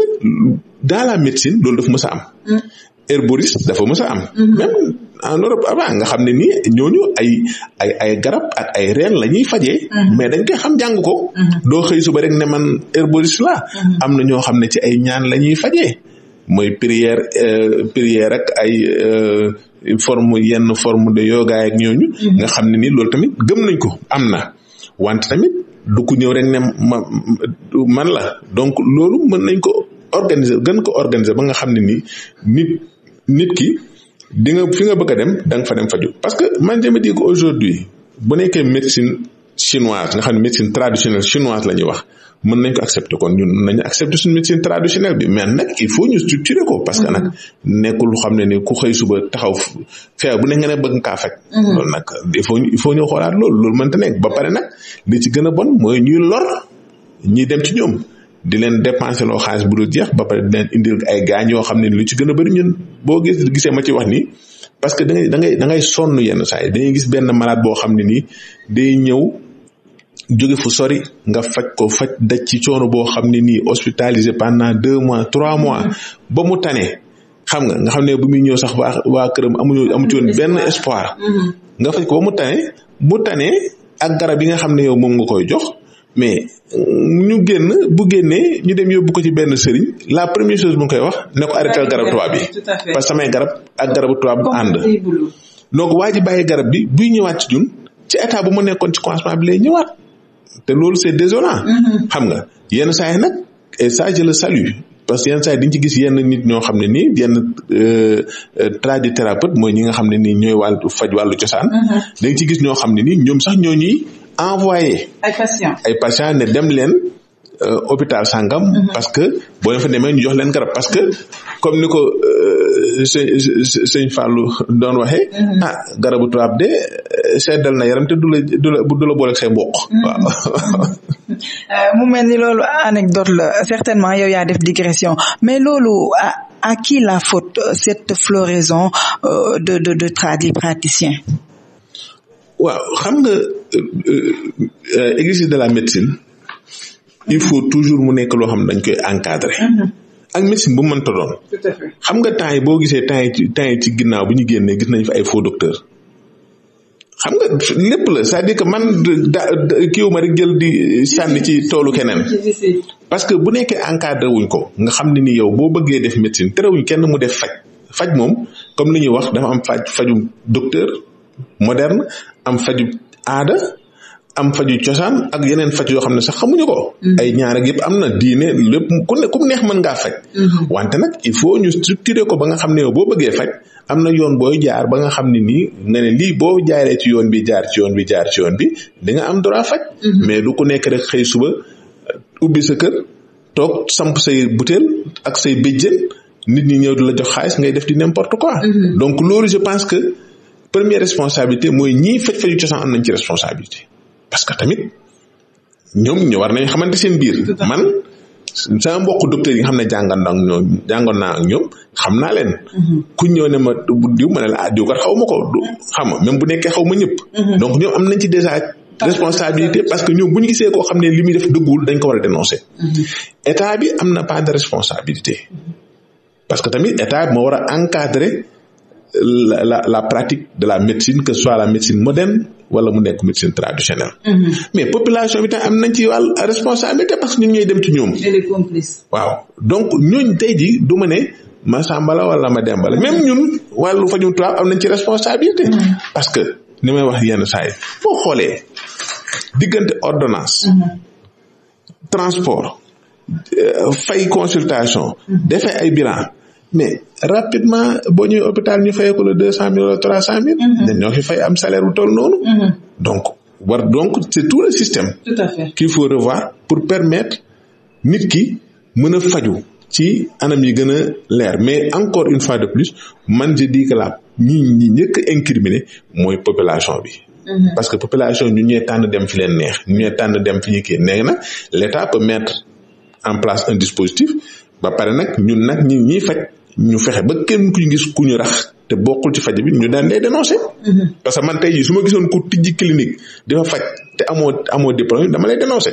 Speaker 2: dans la médecine loolu dafa mës a am herboriste dafa mës a am même en Europe avant nga xam ne nii ñooñu ay ay ay garab ak ay reen la ñuy fajee. Mm-hmm. mais dañ koy xam jàng ko. Mm-hmm. doo xëy suba rek ne man herboriste la mm-hmm. am na ñoo xam ne ci ay ñaan la ñuy fajee mooy prière euh, prière ak ay. Euh, forme yenn forme de yoga ak ñooñu. nga xam ne ni loolu tamit gëm nañ ko am na wante tamit du ko ñëw rek ne ma man la donc loolu mën nañ ko organiser gën ko organiser ba nga xam ne ni nit ki di nga fi nga bëgg dem da nga fa dem faju parce que man je me ko que aujourd'hui bu nekkee médecine chinoise nga xam ne médecine traditionnelle chinoise la ñuy wax mën nañ ko accepter kon ñun mën nañu accepter suñu médecine traditionnelle bi mais nag il faut ñu structurer ko parce que nag mm-hmm. nekkul xam ne ni ku xëy suba taxaw feebar bu ne nga ne bëgg kaa faj mm-hmm. loolu nag il faut il faut ñu xoolaat loolu loolu mënta nekk ba pare nag li ci gën a bon mooy ñuy lor ñi dem ci ñoom di leen dépensé loo xaalis bu dul jeex ba pare di leen indil ay gaañ yoo xam ne lu ci gën a bëri ñun boo gis gisee ma ci wax nii parce que da ngay da ngay da yenn saa yi dangay gis benn malade boo xam ne nii day ñëw jóge fu sori nga faj ko faj daj ci coono boo xam ne nii hospitalisé pendant deux mois trois mois mm-hmm. ba mu tane xam nga nga xam ne bu muy ñëw sax waa waa këram amuñu amu ci woon benn espoir. Mm-hmm. nga faj ko mu tane bu tane ak garab yi nga xam ne yow moom nga koy jox. mais euh, ñu génn bu génnee ñu dem yóbbu ko ci benn sëriñ la première chose bu nga koy wax ne ko arrêtal garab tubaab bi parce que samay garab ak garabu tubaab bu ànd donc waa ji bàyyi garab bi buy ñëwaat ci ñun ci état bu ma nekkoon ci commencement bi lay ñëwaat te loolu c'est désolant mm-hmm. xam nga yenn saa nag et ça je le salue parce que yenn saa dañ ci gis yenn nit ñoo xam ne nii yenn euh, euh, tradithérapeute mooy ñi nga xam ne nii ñooy wàllu faj wàllu cosaan mm-hmm. dañ ci gis ñoo xam ne nii ñoom sax ñoo ñuy envoyé. ay patients ay patients dem leen euh, hôpital sangam. Mhm. parce que boo leen fa demee ñu jox leen garab parce que comme ni ko euh, sëñ sëñ Fallou doon waxee. Mhm. ah garabu tubaab de euh, seddal na yaram te du la du la du la boole mhm.
Speaker 1: mu mel ni loolu ah, anecdote la certainement yow yaa def digression mais loolu a qui la faute cette floraison de de de tradipraticiens.
Speaker 2: waaw xam nga euh, euh, exercice de la médecine il faut toujours mu nekk loo xam ne dañ koy encadrer. Mm-hmm. ak médecine bu mu mënta doon. xam nga temps yi boo gisee temps yi ci temps ci ginnaaw bu génnee gis nañ fa ay faux docteur xam nga lépp la cest à man da ma jël di sànni ci toolu keneen. parce que bu nekkee encadre wuñ ko nga xam ne ni yow boo bëggee def médecine terewuñ kenn mu def faj faj moom comme li ñuy wax dafa am faj fajum docteur. moderne am faju aada am faju cosaan ak yeneen faj yoo xam ne sax xamuñu ko. Mm-hmm. ay ñaarak ak yëpp am na diine lépp ku ne ku neex mën ngaa faj.
Speaker 3: Mm-hmm. wante
Speaker 2: nag il faut ñu structurer ko ba nga xam ne yow boo bëggee faj am na yoon booy jaar ba nga xam ne nii nga lii boo jaaree ci yoon bi jaar ci yoon bi jaar ci yoon bi di am droit faj. Mm-hmm. mais du ku nekk rek xëy suba uh, ubbi sa kër toog samp sëy butéel ak say béjjén nit ñi ñëw di la jox xaalis ngay def di n'importe quoi. donc loolu je pense que. première responsabilité mooy ñiy faj faju cosaan am nañ ci responsabilité parce que tamit ñoom ñu war nañ xamante seen biir man sama mbokk docteur yi xam ne jàngoon naa ak ñoom naa ak ñoom xam naa leen mm-hmm. ku ñëw ne ma diw ma ne la ah diw kat xaw ma ko du xam nga même bu nekkee xaw ma ñëpp mm-hmm. donc ñoom am nañ ci déjà responsabilité parce que ñoom bu ñu gisee koo xam ne li muy def dëggul dañ ko war a dénoncer mm-hmm. état bi am na pas de responsabilité parce que tamit état bi moo war a encadrer la la la pratique de la médecine que ce soit la médecine moderne wala mu nekk médecine traditionnelle. Mhm. mais population bi tam am nañ ci wàll responsabilité parce que ñun ñooy dem ci ñoom. les waaw donc ñooñ tey du ma ne ma sàmbala wala ma dembala même ñun wàllu fajum tubaab am nañ ci responsabilité. Mhm. parce que ni may wax yenn saay yi xoolee diggante ordonnance. Mhm. transport euh, fay consultation. defee ay bilan. mais rapidement boo ñëwee hôpital ñu fayee ko le deux cent mille wala trois cent mille. Mhm. dañoo fi fay am salaire bu toll noonu. Mhm. donc war donc c'est tout le système. tout à fait qu'il faut revoir pour permettre nit ki mën a faju ci anam yi gën a leer mais encore une fois de plus man je dis que la ñi ñi njëkk a incriminer mooy population bi. Mhm. parce que population ñu ñee tànn dem fi leen neex ñu ñee tànn dem fi ñu kii nee na l'État peut mettre en place un dispositif ba pare nag ñun nag ñi ñiy faj. ñu fexe ba kenn kuñu gis ku ñu rax te bokkul ci faj bi ñu daan lay dénoncé. Mm-hmm. parce que man tey jii su ma gisoon ku tijji clinique di fa faj te amoo amoo diplôme dama lay dénoncé.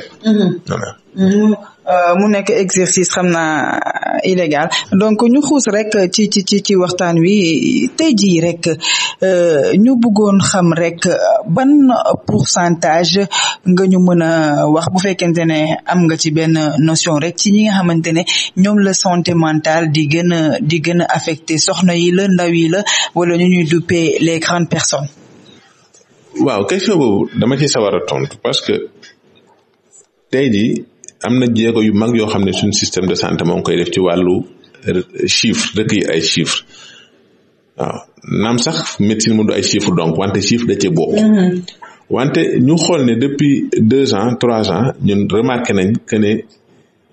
Speaker 2: voilà.
Speaker 1: Mm-hmm. Euh, mu nekk exercice xam naa euh, illégal donc ñu xuus rek ci ci ci ci waxtaan wi tey jii rek euh, ñu bëggoon xam rek ban pourcentage nga ñu mën a wax bu fekkente ne am nga ci benn notion rek ci ñi nga xamante ne ñoom la santé mentale di gën a di gën a affecté soxna yi la ndaw yi la wala ñu ñuy duppee les grandes personnes.
Speaker 2: waaw question boobu dama ci sawar a tontu parce que tey jii am na jéego yu mag yoo xam ne suñ système de santé moo koy def ci wàllu chiffre recueillir ay chiffre waaw naam sax médecine mu du ay chiffre donc wante chiffre da cee bokk mm-hmm. wante ñu xool ne depuis deux ans trois ans ñun remarqué nañ que ne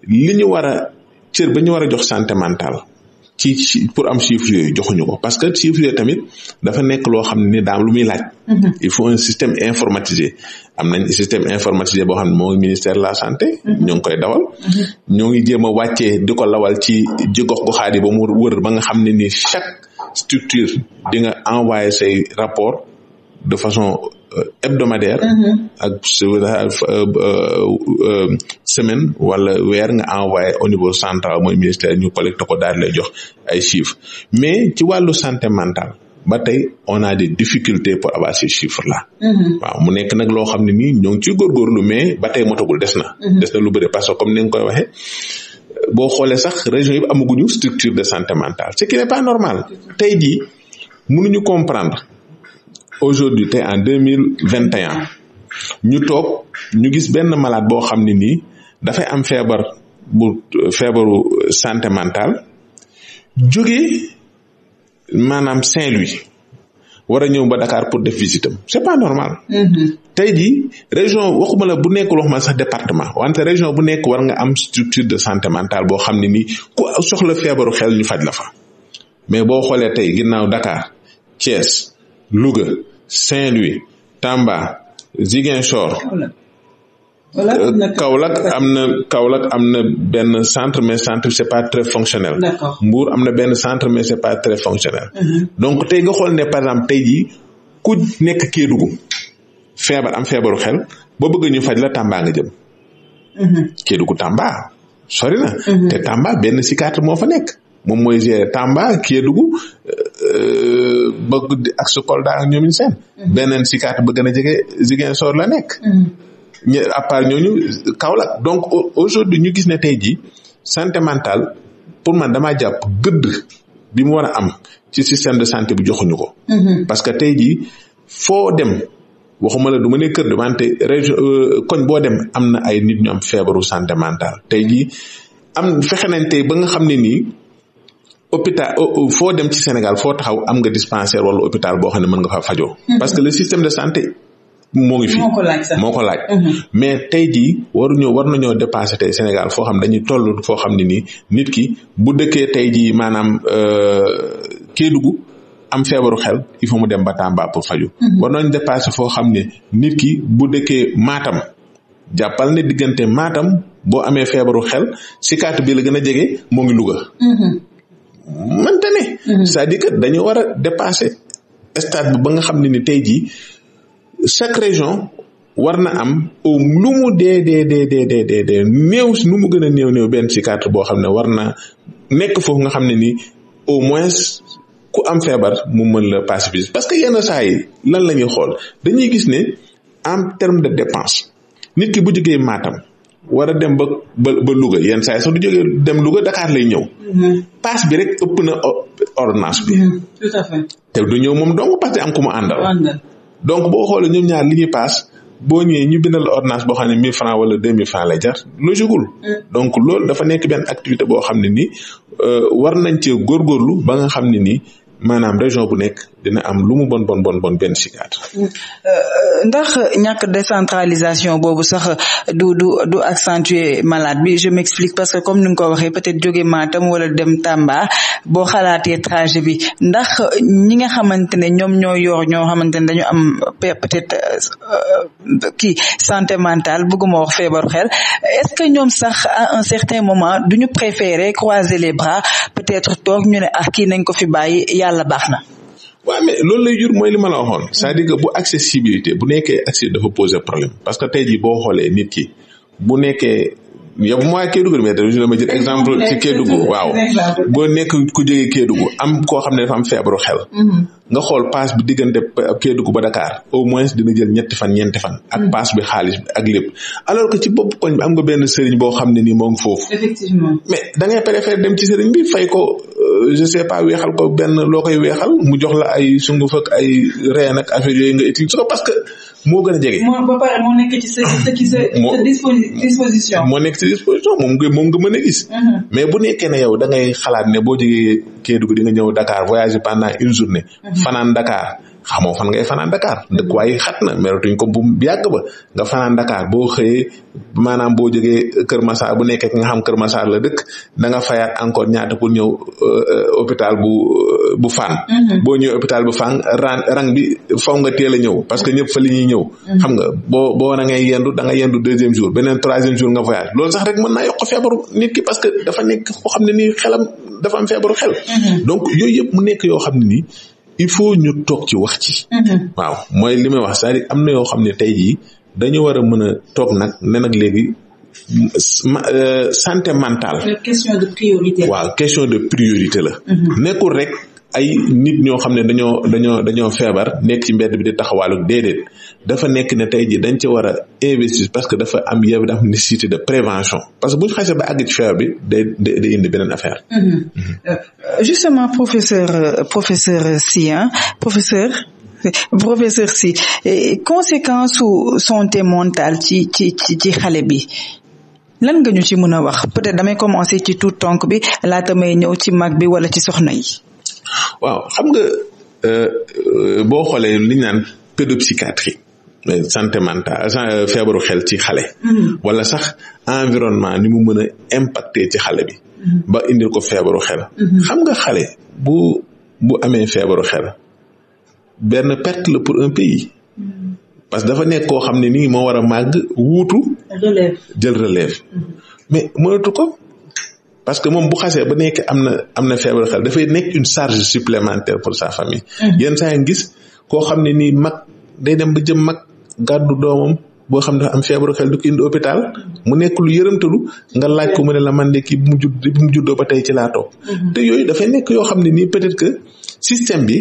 Speaker 2: li ñu war a cër ba ñu war a jox santé mentale ci pour am chiffre yooyu joxuñu ko parce que chiffre yooyu tamit dafa nekk loo xam ne ni daam lu muy laaj mm-hmm. il faut un système informatisé am nañ système informatisé boo xam ne moo ngi ministère la santé. ñoo ngi koy dawal. ñoo ngi jéem a wàccee di lawal ci ji ko goxaat yi ba mu wër ba nga xam ne ni chaque structure di nga envoyé sey rapport de façon euh, hebdomadaire. Mm-hmm. ak euh, euh, semaine wala weer nga envoyé au niveau central mooy ministère ñu collecté ko daal lay jox ay chiffres mais ci wàllu santé mentale. ba tey on a des difficultés pour avoir ces chiffres là. Mhm. waaw mu nekk nag loo xam ne nii ñoo ci ciy lu mais ba tey motagul des na. Mhm. des na lu bëri parce que comme ni nga koy waxee boo xoolee sax région yi amaguñu structure de santé mentale ce qui n'est pas normal tey jii mënuñu comprendre aujourd'hui tey en deux mille vingt et un ñu toog ñu gis benn malade boo xam ne nii dafay am feebar bu feebaru santé mentale jóge maanaam Saint-Louis war a ñëw ba dakaar pour def visitam c'est pas normal. Mm-hmm. tey jii région waxuma bu nekk waxuma sax département wante région bu nekk war nga am structure de santé mentale boo xam ne nii ku soxla feebaru xel ñu faj la fa. mais boo xoolee tey ginnaaw Dakar Thiès Louga Saint-Louis Tamba Ziguinchor. Euh, Kaolack am na Kaolack am na benn centre mais centre bi c'est pas très fonctionnel. Mbour am na benn centre mais c'est pas très fonctionnel. Mhm. donc tey nga xool ne par exemple tey jii ku nekk Kédougou feebar am feebaru xel boo bëgg ñu faj la Tamba nga jëm. Mhm. Kédougou Tamba sori na. Mhm. te Tamba benn psychiatre moo fa nekk. moom mooy gérer Tamba Kédougou euh, euh, ba guddi ak su Kolda ak ñoom seen. beneen psychiatre ba gën a jege Ziguinchor la nekk. ñu à part ñooñu Kaolack donc aujourd'hui ñu gis ne tey jii santé pour man damaa jàpp gëdd bi mu war a am ci système de santé bi joxuñu ko.
Speaker 3: Mm-hmm. parce que
Speaker 2: tey jii foo dem waxuma la du ma ne kër de wante région euh, koñ boo dem am na ay nit ñu am feebaru santé mentale tey jii am fexe nañ tey ba nga xam ne nii. hôpital euh, euh, foo dem ci Sénégal foo taxaw am nga dispensaire wala hôpital boo xam ne mën nga fa fajoo. Mm-hmm. parce que le système de santé moo ngi fi moo ko laaj mhm. mais tey jii waruñoo na nañoo dépassé tey Sénégal foo xam dañuy toll foo xam ne nii nit ki bu dëkkee tey jii maanaam euh, Kédougou am feebaru xel il faut mu dem ba Tamba faju mhm. war nañ dépassé foo xam ne nit ki bu dëkkee maatam jàppal ne diggante maatam boo amee feebaru xel Sicap bi la gën a jege moo ngi Louga
Speaker 3: mante mhm.
Speaker 2: ne cest dañu war a dépassé stade bi ba nga xam ne ni tey jii chaque région war na am au lu mu dee dee dee dee dee dee néew si nu mu gën a néew néew benn psychiatre boo xam ne war na nekk foofu nga xam ne ni au moins ku am feebar mu mën la bi parce que yenn saa yi lan la ñuy xool dañuy gis ne en terme de dépense nit ki bu jógee Matam war a dem ba ba ba Louga yenn saa yi sax du jógee dem Louga Dakar lay ñëw. Mm-hmm. paas bi rek ëpp na ordonnance bi.
Speaker 1: Mm-hmm.
Speaker 2: te du ñëw moom dong parce que am ku mu àndal. donc boo xoolee ñu ñaar li ñuy paas boo ñëwee ñi bindal ordonnance boo xam ne mille francs wala deux mille francs lay jar lojugul mm. donc loolu dafa nekk benn activité boo xam ne nii euh, war nañ cee góorgóorlu ba nga xam ne nii maanaam région bu nekk dina am lu mu bon bon bon bon benn cigare. Mm.
Speaker 1: Euh, ndax ñàkk centralisation boobu sax du du du accentuer malade bi je m'explique parce que comme ni nga ko waxee peut-être jóge Matam wala dem Tamba boo xalaatee trajet bi ndax ñi nga xamante ne ñoom ñoo yor ñoo xamante ne dañu am peut-être euh, euh, kii santé mentale bëgguma wax feebaru xel est-ce que ñoom sax à un certain moment duñu préférer croiser les bras peut-être toog ñu ne ah kii nañ ko fi bàyyi yàlla baax na.
Speaker 2: waaw mais loolu lay jur mooy li ma la waxoon c'est-à-dire que bu accessibilité bu nekkee accès dafa poser problème parce que tey boo xoolee nit ki bu nekkee yow bu ma Kédougou mais tamit dama jël exemple ci Kédougou waaw boo nekk ku jógee Kédougou am koo xam ne dafa am feebaru xel mm-hmm. nga xool paas bi diggante Kédougou ba Dakar au moins dina jël ñetti fan ñeenti fan ak mm-hmm. paas bi xaalis bi ak lépp alors que ci bopp koñ bi am nga benn sëriñ boo xam ne nii moo foofu
Speaker 1: effectivement
Speaker 2: mais da ngay dem ci sëriñ bi fay ko je sais pas weexal ko benn loo koy weexal mu jox la ay sungu ak ay reen ak affaire yooyu nga utiliser ko parce que moo gën a jege. moo
Speaker 1: ba pare moo nekk ci sa disposition.
Speaker 2: moom nga moom nga mën a gis. Mm-hmm. mais bu nekkee ne yow da ngay xalaat ne boo jógee Kédougou di nga ñëw Dakar voyager pendant une journée. Mm-hmm. fanaan Dakar. xamoo fan ngay fanaan Dakar dëkkuwaay yi xat na meratuñ ko bu yàgg ba nga fanaan Dakar boo xëyee maanaam boo jógee Kër Massar bu nekkee ki nga xam Kër Massar la dëkk da nga fayaat encore ñaata pour ñëw euh, euh, hôpital bu euh, bu Fann mm-hmm. boo ñëwee hôpital bu Fann rang rang bi faw nga teel a ñëw parce que ñëpp fa li ñëw mm-hmm. xam nga boo boo na ngay yendu da nga yendu deuxième jour beneen troisième jour nga voyage loolu sax rek mën naa yokk feebaru nit ki parce que dafa nekk koo xam ne nii xelam dafa am feebaru xel mm-hmm. donc yooyu yëpp mu nekk yoo xam ne nii il faut ñu toog ci wax ci. Mm-hmm. waaw mooy li may wax cest à am na yoo xam ne tey jii dañu war a mën a toog nag ne nag léegi euh, santé mentale. Euh,
Speaker 1: question de waaw
Speaker 2: question de priorité la. Mm-hmm. nekkul rek ay nit ñoo xam ne dañoo dañoo dañoo feebar nekk ci mbedd bi di taxawaalu déedéet dafa nekk na tey jii dañ ci war a investir parce que dafa am yow dafa nécessité de prévention parce que bu ñu xasee ba àgg ci bi de indi beneen affaire.
Speaker 1: Mm-hmm. Mm-hmm. Euh, justement professeur euh, professeur Sy professeur. professeur Sy conséquence su santé mentale ci ci ci xale bi lan nga ñu ci mën a wax peut-être damay commencer ci tout tonk bi laata may ñëw ci mag bi wala ci soxna
Speaker 2: waaw xam nga euh, boo xoolee li ñu naan pédopsychiatrie Euh, santé mentale euh, euh, feebaru xel ci xale mm-hmm. wala sax environnement ni mu mën a impacter ci xale bi mm-hmm. ba indil ko feebaru xel mm-hmm. xam nga xale bu bu amee feebaru xel benn perte la pour un pays parce que dafa nekk koo xam ne nii moo war a màgg wuutu jël relève mais mënatu ko parce que moom bu xasee ba nekk am na am na feebaru xel dafay nekk une charge supplémentaire pour sa famille yenn saa yi gis koo xam ne nii mag day dem ba jëm mag gàddu doomam boo xam ne am feebaru xel du ko indi hôpital mu nekk lu yërëmtalu nga laaj ko mu ne la man de kii bi mu judd bi mu juddoo ba tey ci laa mm-hmm. te yooyu dafay nekk yoo xam ne nii peut-être que système bi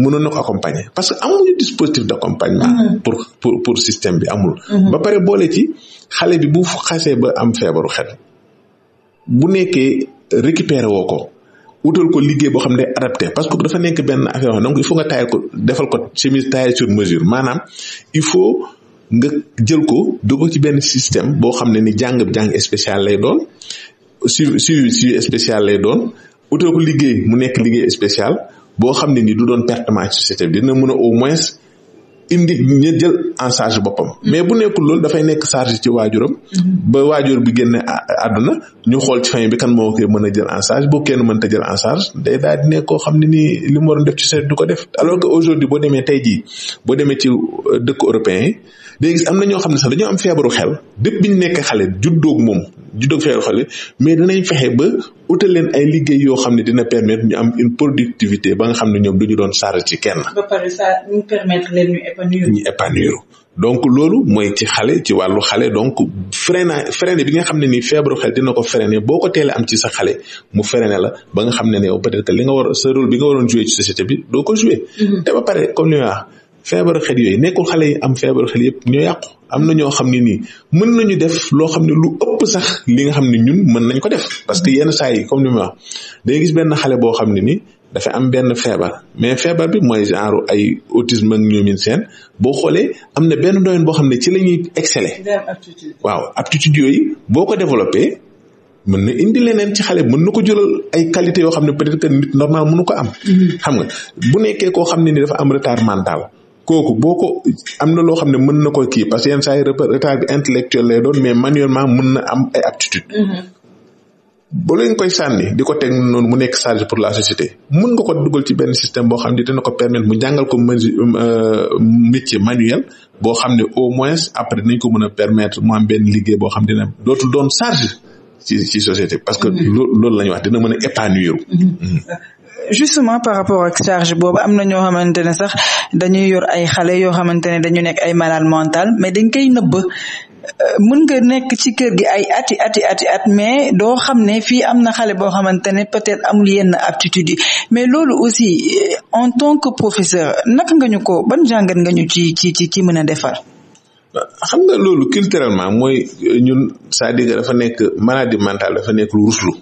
Speaker 2: mënoon na ko accompagner parce que am amuñu dispositif d'accompagnement mm-hmm. pour pour pour système bi amul mm-hmm. ba pare boole ci xale bi bu xasee ba am feebaru xel bu nekkee récupéré woo ko utal ko liggéey boo xam ne adapté parce que dafa nekk benn affaire donc il faut nga taayal ko defal ko chemise taillée sur mesure maanaam il faut nga jël ko dugg ci benn système boo xam ne ni jàng jàng spécial lay doon suivi suivi spécial lay doon utal ko liggéey mu nekk liggéey spécial boo xam ne ni du doon pertement ci société bi dina mun a au moins indi ñu jël en charge boppam. mais bu nekkul loolu dafay nekk charge ci waajuram. ba waajur bi génne àdduna ñu xool ci famille bi kan moom koy mën a jël en charge boo kenn mënta jël en charge day daal di nekk xam ne nii li mu waroon def ci seen du ko def alors que aujourd'hui boo demee tey jii boo demee ci euh, dëkk européen yi. léegi am na ñoo xam ne sax dañoo am feebaru xel dëpp bi ñu nekk xale juddoog moom juddoo feeru xale mais danañ fexe ba utal leen ay liggéey yoo xam ne dina permettre ñu am une productivité ba nga xam ne ñoom du ñu doon charge ci kenn.
Speaker 1: ba ñu permettre
Speaker 2: donc loolu mooy ci xale ci wàllu xale donc freina freiné bi nga xam ne nii feebaru xel dina ko freiné boo ko teelee am ci sa xale mu ne la ba nga xam ne ne yow peut-être que li nga war sa rôle nga waroon jouer ci société bi doo ko jouer. Mm-hmm. te ba pare comme li ma wax feebaru xel yooyu nekkul xale yi am feebaru xel yëpp ñoo yàqu. am na ñoo xam ne nii mën nañu def loo xam ne lu ëpp sax li nga xam ne ñun mën nañ ko def parce que yenn saa yi comme ni mu wax day benn xale boo xam ne nii dafa am benn feebar mais feebar bi mooy genre ay autisme ak ñoomin seen boo xoolee am na benn domaine boo xam ne ci la ñuy exceller waaw aptitude yooyu boo ko développé mën na indi leneen ci xale mën na ko jural ay qualité yoo xam ne peut-être que nit normal ko am mm-hmm. xam nga bu nekkee koo xam ne ni dafa am retard mental kooku boo ko am na loo xam ne mën na ko kii parce que yenn saa yi retard bi intellectuel lay doon mais manuellement mën na am ay aptitude mm-hmm. ba leen koy sànni di ko teg noonu mu nekk charge pour la société mën nga ko dugal ci benn système boo xam ne dina ko permettre mu jàngal ko euh, métier manuel boo xam ne au moins après nañ ko mën a permettre mu am benn liggéey boo xam dina dootul doon charge ci ci société parce que mm-hmm. loolu la wax dina mën a épanouir
Speaker 1: mm-hmm. justement par rapport ak charge boobu am na ñoo xamante ne sax dañuy yor ay xale yoo xamante ne dañu nekk ay malade mental mais dañ koy nëbb euh, mën nga nekk ci kër gi ay ati ati ati at mais doo xam ne fii am na xale boo xamante ne peut-être amul yenn aptitude yi mais loolu aussi euh, en tant que professeur naka nga ñu ko ban jàngat nga ñu ci ci ci ci mën a defar.
Speaker 2: xam nga loolu culturellement mooy euh, ñun cest dafa nekk maladie mentale dafa nekk lu ruslu.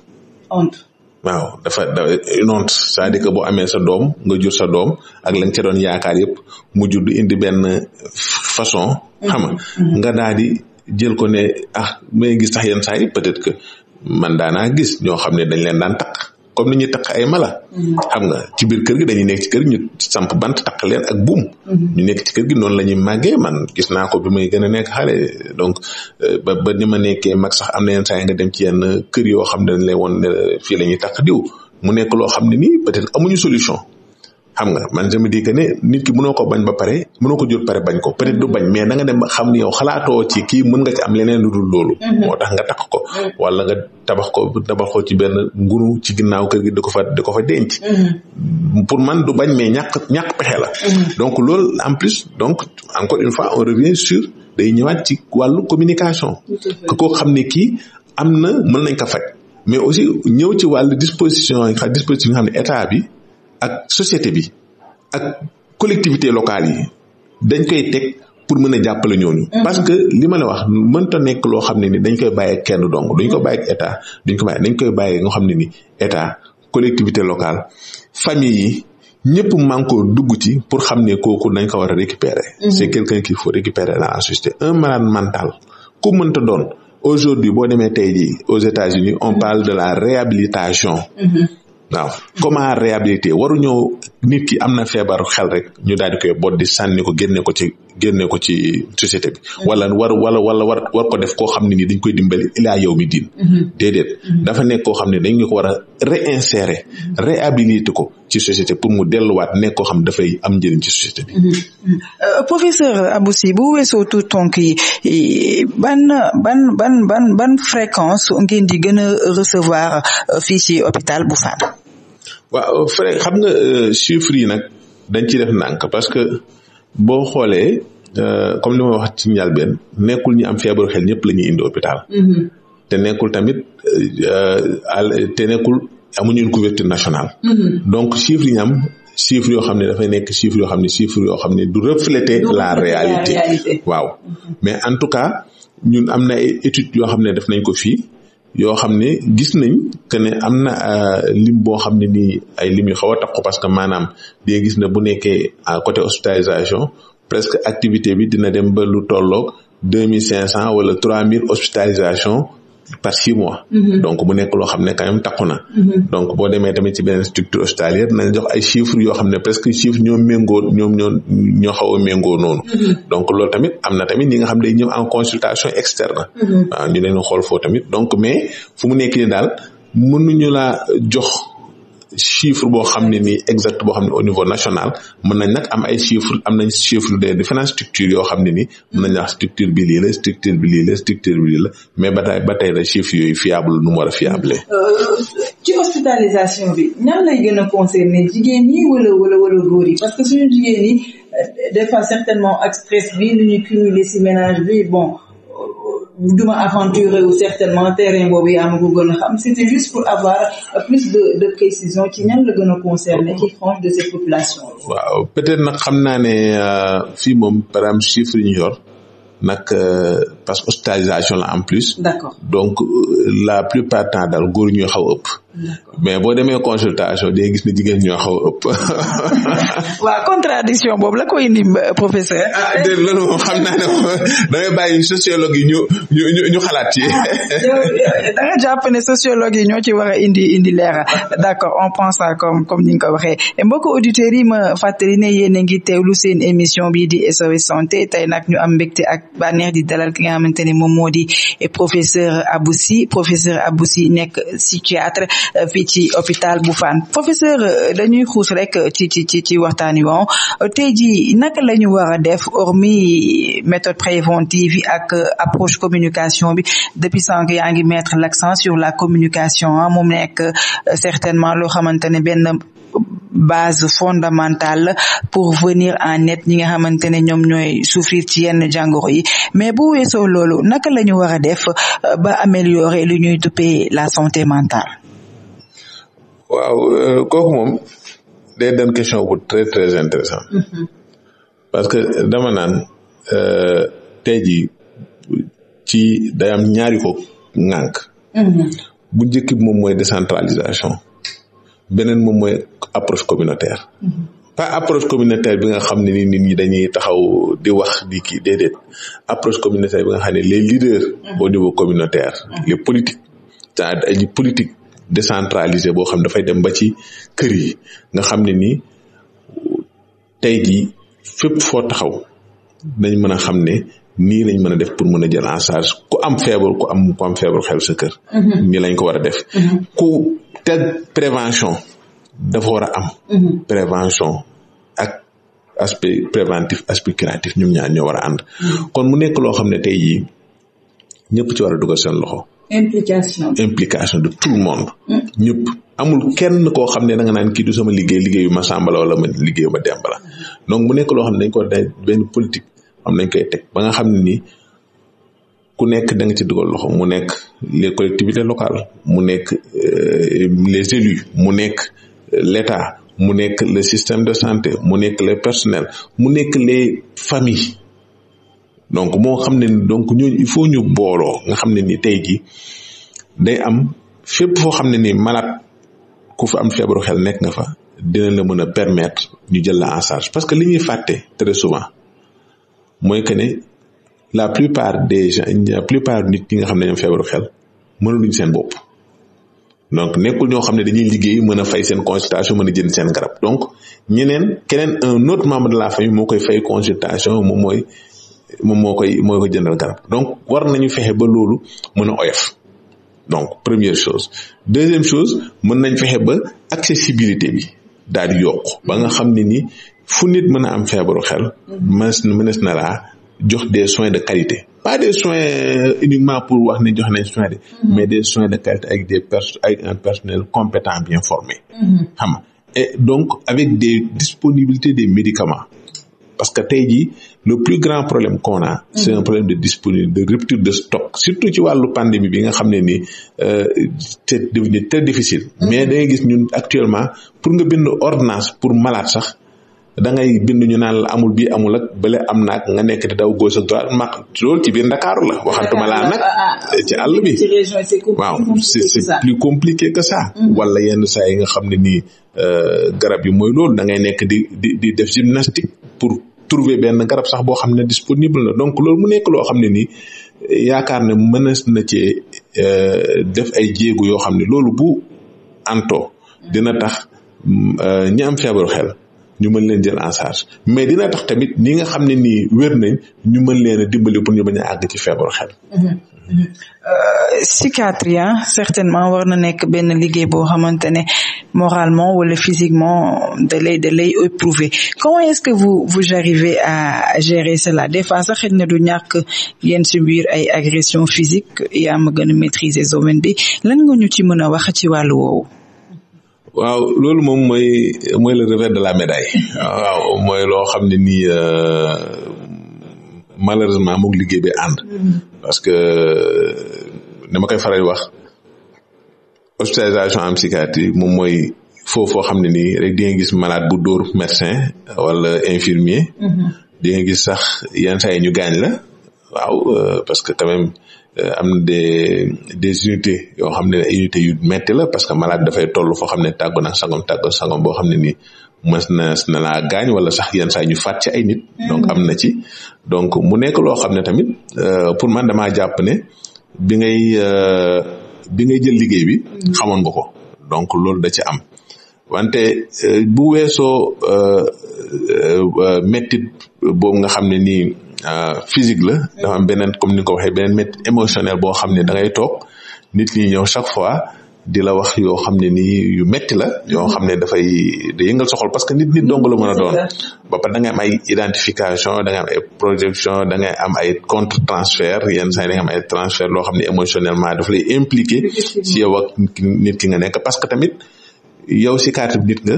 Speaker 2: honte waaw dafa noonu c'est-à-dire boo amee sa doom nga jur sa doom ak lañ ca doon yaakaar yëpp mu jur di indi benn façon. xam mm-hmm. nga daal di jël ko ne ah may gis sax yenn saa yi peut-être que man daanaa gis ñoo xam ne dañ leen daan takk comme ni ñuy takk ay mala. xam nga ci biir kër gi dañuy nekk ci kër gi ñu samp bant takk leen ak buum. Mhm. ñu nekk ci kër gi noonu la ñuy màggee man gis naa ko bi may gën a nekk xale donc euh, ba ba ni ma nekkee mag sax am na yenn saa yi nga dem ci yenn kër yoo xam ne dañ lay woon ne fii la ñuy takk diw mu nekk loo xam ne nii peut-être amuñu solution. xam nga man je me dis que ne nit ki mënoo ko bañ ba pare mënoo ko jur pare bañ ko peut être du bañ mais da nga dem xam ni yow xalaatoo ci kii mën nga ci am leneen lu loolu mm-hmm. moo tax nga takk ko mm-hmm. wala nga tabax ko tabax ci benn ngunu ci ginnaaw kër gi di ko fa di ko fa denc
Speaker 3: mm-hmm.
Speaker 2: pour man du bañ mais ñàkk ñàkk pexe la donc loolu en plus donc encore une fois on revient sur day ñëwaat ci wàllu communication que koo xam ne kii am na mën nañ ko faj mais aussi ñëw ci wàllu disposition disposition yi nga xam ne état bi ak société bi ak collectivité locale yi dañ koy teg pour mën a jàppale ñooñu. Mm-hmm. parce que li ma la wax mënta nekk loo xam ne nii dañ koy bàyyi kenn dong duñ ko bàyyi état duñ ko bàyyi dañ koy bàyyi nga xam ne ni état collectivité locale famille yi ñëpp manko dugg ci pour xam ne kooku dañ ko war a récupérer. Mm-hmm. c'est quelqu'un qu'il faut récupérer dans la société un malade mental ku mënta doon aujourd'hui boo demee tey jii aux États-Unis on parle de la réhabilitation. Mm-hmm. waaw comment waru waruñoo nit ki am na feebaru xel rek ñu daal di koy bot di sànni ko génne ko ci génne ko ci société bi mm-hmm. wala war wala wala war war ko def koo xam ne ni dañ koy dimbali ilaa yow mi diin mm-hmm. déedéet mm-hmm. dafa nekk koo xam ne dañ ko war a réinsérer réhabiliter ko ci société pour mu delluwaat nekk koo xam dafay am njëriñ ci société bi
Speaker 1: euh, professeur Abou Sy bu weesoo tuut tonk yi ban ban ban ban ban fréquence ngeen di gën a recevoir euh, fii ci hôpital bu Fann
Speaker 2: waaw frais xam nga euh, chiffres yi nag dañ ci def nànk parce que boo xoolee euh, comme li ma wax ci njëlbeen nekkul ñi am feebaru xel ñëpp la ñuy indi hôpital. Mm-hmm. te nekkul tamit euh, te nekkul amuñu une couverture nationale. Mm-hmm. donc chiffres yi ñu am chiffres yoo xam ne dafay nekk chiffres yoo xam ne chiffres yoo xam ne du refléter la réalité waaw mm-hmm. mais en tout cas ñun am na ay yoo xam ne def nañ ko fii. yoo xam ne gis nañ que ne am na euh, lim boo xam ne nii ay lim yu xaw a takku parce que maanaam dee gis na bu nekkee à côté hospitalisation presque activité bi dina dem ba lu tolloog deux mille cinq cent wala trois mille hospitalisation par six mois. Mhm. donc mu nekk loo xam ne quand même takku na. Mhm. donc boo demee tamit ci beneen structure hospitalière nañ jox ay chiffres yo xam ne presque chiffres ñoom méngoo ñoom ñoo ñoo xaw a méngoo noonu. Mhm. donc loolu tamit am na tamit ñi nga xam ne ñëw en consultation externe. waaw ah, ñu leen xool foofu tamit donc mais fu mu nekk nii daal mun mënuñu laa jox. chiffre boo xam ne nii exact boo xam ne au niveau national mën nañ nag am ay chiffre am nañ chiffre de différentes yoo xam ne nii mën nañ wax bi lii la structure bi lii la structure bi lii la mais ba tey ba tey la chiffre yooyu fiable nu mu war fiable
Speaker 1: euh, ci hospitalisation bi ñan lay gën a concerner jigéen ñi wala wala wala góor parce que suñu jigéen ñi euh, des certainement ak bi lu ñuy cumuler si ménage bi bon duma aventurer ou certainement terrain boobu yaa ma ko gën a juste pour avoir plus de de précision ci ñan la gën a concerner ci frange de cette population
Speaker 2: waaw peut-être nag xam naa ne euh, fii moom par exemple chiffre yi ñu yor nag euh, parce que hospitalisation la en plus d'accord donc euh, la plupart temps daal góor ñoo xaw ëpp mais boo demee consultation day gis ne jigéen ñoo xaw
Speaker 1: waaw contradiction boobu la koy indi euh,
Speaker 2: professeur. ah, ah déedéet loolu xam naa moom damay bàyyi sociologue yi ñu ñu xalaat ci.
Speaker 1: da nga jàpp ne sociologue yi ñoo ci war a indi indi leera d'accord on pense comme comme ni nga ko waxee mbokk auditeurs yi ma fàttali ne yéen a ngi teewlu seen émission bi di SOS santé tey nag ñu am mbégte ak bànneex di dalal ki nga xamante ne moom moo di professeur Abou Sy professeur Abou Sy nekk psychiatre. Euh, fii ci hôpital bu Fann professeur euh, dañuy xuus rek euh, ci ci ci ci waxtaan wi woon tey jii naka la ñu war a def hormis méthode préventive yi ak approche communication bi depuis sànq yaa ngi mettre l'accent sur la communication mu nekk certainement loo xamante ne benn base fondamentale pour venir en aide ñi nga xamante ne ñoom ñooy souffrir ci yenn jàngoro yi mais bu weesoo loolu naka la ñu war a def ba améliorer lu ñuy duppee la santé mentale
Speaker 2: waaw euh, kooku moom day doon question bu très très intéressant mm-hmm. parce que dama naan euh, tey jii ci day am ñaari ko ŋànk mm-hmm. bu njëkk bi moom mooy décentralisation beneen moom mooy approche communautaire mm-hmm. pas approche communautaire bi nga xam ne ni nit ñi dañuy taxaw di wax di kii déedéet approche communautaire bi nga xam ne les leaders au niveau communautaire les politiques cest ay politique décentralisé boo xam ne dafay dem ba ci kër yi nga xam ne ni tey jii fépp foo taxaw dañ mën a xam ne nii nañ mën a def pour mën a jël en charge ku am feebar ku am ku am feebar xew sa kër. Mm-hmm. nii lañ ko war a def.
Speaker 3: Mm-hmm. ku
Speaker 2: te prévention dafa war a am. Mm-hmm. prévention ak aspect préventif aspect curatif ñoom ñaar ñoo war a ànd. kon mu nekk loo xam ne tey jii ñëpp ci war a dugal seen loxo.
Speaker 1: implication
Speaker 2: implication de tout le monde. ñëpp amul kenn koo xam ne da nga naan kii du sama liggéey liggéeyu ma Samba wala ma liggéeyu ma Demba la donc mu nekk loo xam ne dañ ko day benn politique am nañ koy teg ba nga xam ne nii ku nekk da nga ci dugal loxo mu nekk les collectivité locales mu nekk euh, les élus mu nekk euh, l'État mu nekk le système de santé mu nekk le personnel mu nekk les familles. donc moo xam ne ni donc ñooñu faut ñu booloo nga xam ne ni tey jii day am fépp foo xam ne ni malade ku fa am feebaru xel nekk nga fa dina la mën a permettre ñu jël la en charge parce que li ñuy fàtte très souvent mooy que ne la plupart des gens la plupart nit ñi nga xam ne ñoom feebaru xel mënuluñ seen bopp donc nekkul ñoo xam ne dañuy liggéey mën a fay seen consultation mën a jënd seen garab donc ñeneen keneen un autre membre de la fa moo koy fay consultation moom mooy moom moo koy moo koy jëndal garab donc war nañu fexe ba loolu mën a oyof donc première chose deuxième chose mën nañ fexe ba accessibilité bi daal di yokk ba nga xam ne ni fu nit mën a am feebaru xel mënees mënees na laa jox des soins de qualité pas des soins euh, uniquement pour wax ne jox nañ soins de mm-hmm. mais des soins de qualité avec des pers avec un personnel compétent bien formé mm-hmm. xam nga et donc avec des disponibilités des médicaments parce que tey le plus grand problème qu'on a c'est un problème de disponibilité de rupture de stock surtout ci wàllu pandémie bi nga xam ne ni c'est euh, devenu très difficile mais da ngay gis ñun actuellement pour nga bind ordonnance pour malaat sax da ngay bind ñu naan amul bi amul ak bële am naag nga nekk di daw gauche ak droite mag loolu ci biir Ndakaaru la waxantuma laa nag ah, ah, ah. ci àll bi
Speaker 3: waaw c'est c'est plus
Speaker 2: compliqué que ça mm-hmm. wala yenn saa yi nga xam ne nii euh, garab yi mooy loolu da ngay nekk di di di def gymnastique pour trouver benn garab sax boo xam ne disponible na donc lool mu nekk loo xam ne nii yaakaar ne mënees na cee euh, def ay jéego yoo xam ne loolu bu anto dina tax euh, ñi am feebaru xel ñu mën leen jël en charge mais dina tax tamit ñi nga xam ne nii wér nañ ñu mën leen a dimbali pour ñu bañ a àgg ci feebaru xel.
Speaker 1: Mm-hmm. Euh, psychiatrie certainement war na nekk benn liggéey boo xamante ne moralement wala physiquement da lay da lay éprouver comment est-ce que vous arrivez à gérer cela des fois sax xëy na du ñàkk yéen subir ay agression physique yaa ma gën a bi lan nga ñu ci mën a wax ci wàllu woowu
Speaker 2: waw loolu moom moy mooy le de la médaille waaw mooy xam ne nii euh, malheureusement moom liggéey bi ànd. Mm-hmm. parce que dama euh, koy faral wax hospitalisation en psychiatrie moom mooy foofu foo xam ne nii rek di gis malade bu dóor médecin wala infirmier. Mm-hmm. di gis sax yenn saa yi ñu gaañ la waaw euh, parce que quand euh, am na des des unités yoo xam ne unités yu métti la parce que malade dafay toll foo xam ne tàggu na sangam tàggu sangam boo xam ne nii mës na na laa wala sax yenn saa ñu faat ci ay nit. Mm. donc am na ci donc mu nekk loo xam ne tamit euh, pour man jàpp ne bi ngay euh, bi ngay jël liggéey bi. Mm. xamoon nga ko donc loolu da ci am. wante euh, bu weesoo méttit boobu nga xam ne nii physique la mm. dafa am beneen comme ni nga ko waxee beneen méttit émotionnel boo xam ne dangay ngay toog nit ñi ñëw chaque fois. di la wax yoo xam ne nii yu metti la yoo mhm. xam ne dafay da yëngal soxol parce que nit nit dong la mën a doon ba pare da ngay am ay identification da ngay am ay projection da ngay am ay contre transfert yenn saa yi am ay transfert loo xam ne émotionnellement daf lay impliqué si yow ak nit ki nga nekk parce que tamit yow si kaatib nit nga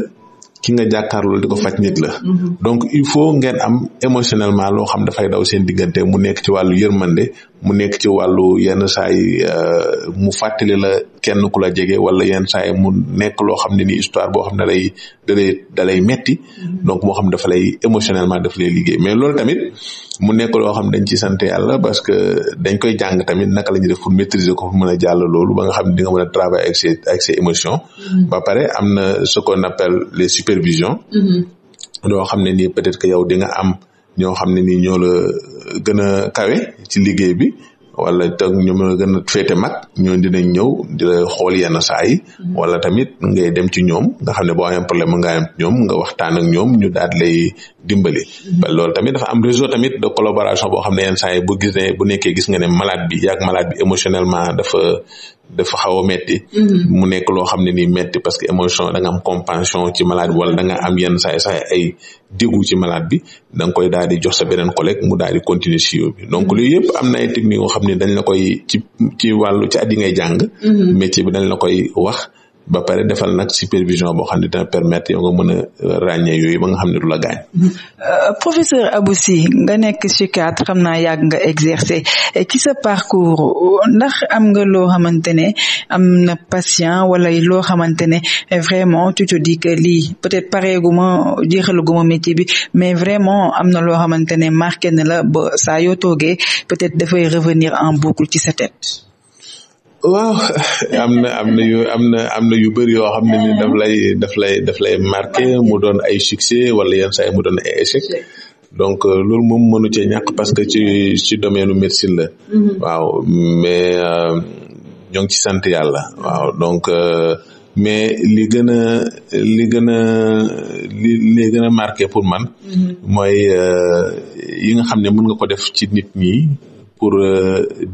Speaker 2: ki nga jàkkaarloo di ko faj nit la mhm. donc il faut ngeen am émotionnellement loo xam dafay daw seen diggante mu nekk ci wàllu yërmande mu nekk ci wàllu yenn saay euh, mu fàttali la kenn ku la jege wala yenn saay mu nekk loo xam ne ni histoire boo xam ne lay da lay da lay metti mm-hmm. donc moo xam dafa lay émotionnellement dafa lay mais loolu tamit mu nekk loo xam dañ ci sant yàlla parce que dañ koy jàng tamit naka la ñuy def pour maîtriser ko pour mën a jàll loolu ba nga xam ne di nga a travailler avec ses avec mm-hmm. ba pare am na ce qu'on appelle les supervisions mm-hmm. loo xam ne nii peut-être que yow di am ñoo xam ne nii ñoo gën a kawe ci liggéey bi wala toog ñu mën a gën a féete mag ñooñu dinañ ñëw di la xool yenn saa yi mm-hmm. wala tamit ngay dem ci ñoom nga xam ne boo amee problème nga am ñoom nga waxtaan ak ñoom ñu daal lay dimbali. Mm-hmm. loolu tamit dafa am réseau tamit de collaboration boo xam ne yenn saa yi bu gisee bu nekkee gis nga ne malade bi yaag malade bi émotionnellement dafa dafa xaw a metti mm-hmm. mu nekk loo xam ne ni metti parce que émotion da nga am compassion ci malade bi wala danga am yenn saay saay ay dégu ci malade bi da koy daal di jox sa beneen collègue mu daal di continuer sio bi donc mm-hmm. loolu yëpp am ay technique yoo xam ne dañ la koy ci ci wàllu ci at yi ngay jàng mm-hmm. métier bi dañ la koy wax ba pare defal nag supervision boo xam ne dina permettre yow nga mën a euh, ràññee yooyu ba nga xam ne du la gaañ.
Speaker 1: Euh, professeur Aboussi nga nekk psychiatre xam naa yàgg nga exercer ci sa parcours ndax am nga loo xamante ne am na patient wala loo xamante ne vraiment tu te dis lii peut-être pareeguma jeexaluguma métier bi mais vraiment am na loo xamante ne marqué na la ba saa yoo toogee peut-être dafay revenir en boucle ci sa tête.
Speaker 2: waaw am na am na yu am na am na yu bëri yoo xam ne ni daf lay daf lay daf lay marqué mu doon ay succès wala yenn saa mu doon ay échec donc euh, loolu moom mënu cee ñàkk parce que ci ci domaine médecine la mm-hmm. waaw mais euh, ñoo ci sant yàlla waaw donc euh, mais li gën a li gën a li gën a marqué pour man mm-hmm. mooy yi nga xam ne mën nga ko def ci nit ñi pour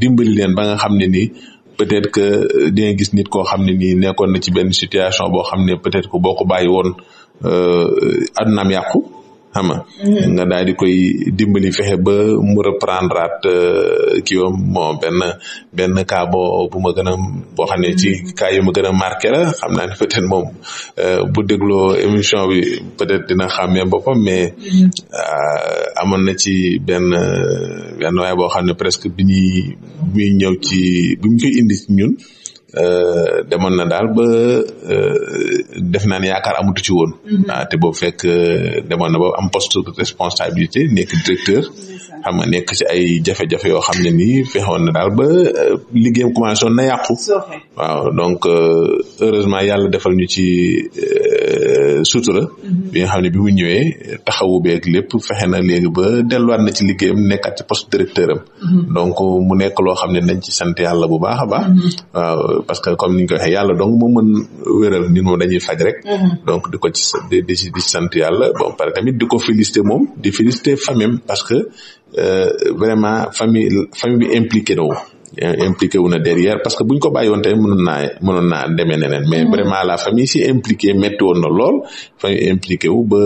Speaker 2: dimbali leen ba nga xam ne nii peut-être que di nga gis nit koo xam ne nii nekkoon na ci benn situation boo xam ne peut-être que boo ko bàyyi woon adunaam euh, yàqu xam mhm. nga daal di koy dimbali fexe ba mu reprendre at euh, kii wam bon benn benn bu ma gën a boo xam ne ci mhm. cas yu ma gën a marqué la xam naa ne peut être moom euh, bu dégloo émission bi peut être dina xàmmee boppam mais mhm. euh, amoon na ci benn benn waaye boo xam ne presque bi ñuy bi ñëw ci bi ñu indi ci ñun Euh, demoon na daal ba euh, def naan yaakaar amatu ci woon. Mhm. ah te boobu fekk euh, demoon na ba am poste de responsabilité nekk directeur. xam nga nekk ci ay jafe-jafe yoo xam ne nii fexoon na daal ba liggéeyam commencé woon na yàqu. waaw donc heureusement yàlla defal ñu ci. Euh, sutura bi nga xam ne bi mu ñëwee taxawu beeg lépp fexe na léegi ba delluwaat na ci liggéeyam nekkaat ci poste directeur am mm-hmm. donc mu nekk loo xam ne nañ ci sant yàlla bu baax a baax mm-hmm. waaw parce que comme ni ñu ko waxee yàlla donc moo mën wéral nit moom dañuy faj rek mm-hmm. donc di ko ci di di ci sant yàlla bon tamit di ko féliciter moom di féliciter famille parce que euh, vraiment famille famille bi impliqué na impliqué wu na derrière parce que buñ ko bàyyi woon tamit mënoon naa mënoon naa demee neneen mais mm-hmm. vraiment la famille si impliqué métti woon na lool famille impliqué wu ba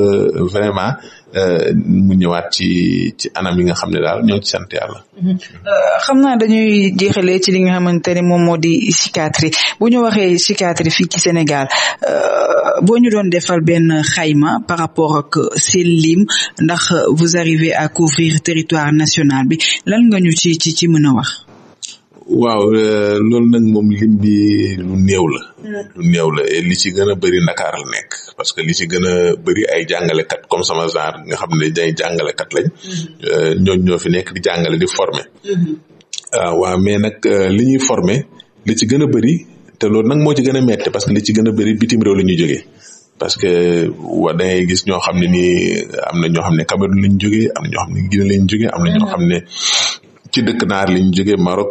Speaker 2: vraiment euh, mu ñëwaat ci ci anam yi nga xam ne daal ñoo ci sant yàlla. Mm-hmm.
Speaker 1: Euh, xam naa dañuy jeexalee ci li nga xamante ne moom moo di psychiatrie bu ñu waxee psychiatrie fii ci Sénégal euh, boo ñu doon defal benn xayma par rapport ak seen lim ndax vous arrivez à couvrir territoire national bi lan nga ñu ci ci ci mën a wax.
Speaker 2: waaw euh, loolu nag moom lim bi lu néew la. Hmm. lu néew la li ci gën a bëri Ndakaar nekk parce que li ci gën a bëri ay jàngalekat comme sama genre nga xam ne day jàngalekat lañ. Hmm. Euh, ñooñu ñoo fi nekk di jàngale di former. Hmm. Ah, waaw mais nag euh, li ñuy former li ci gën a bëri te loolu nag moo ci gën a parce que li ci gën a bëri bitim réew la ñuy jógee. parce que wa da gis ñoo xam ne nii am na ñoo xam ne Cameroun lañ jógee am na ñoo lañ jógee am na ñoo xam ne. ci dëkk naar li ñu jógee Maroc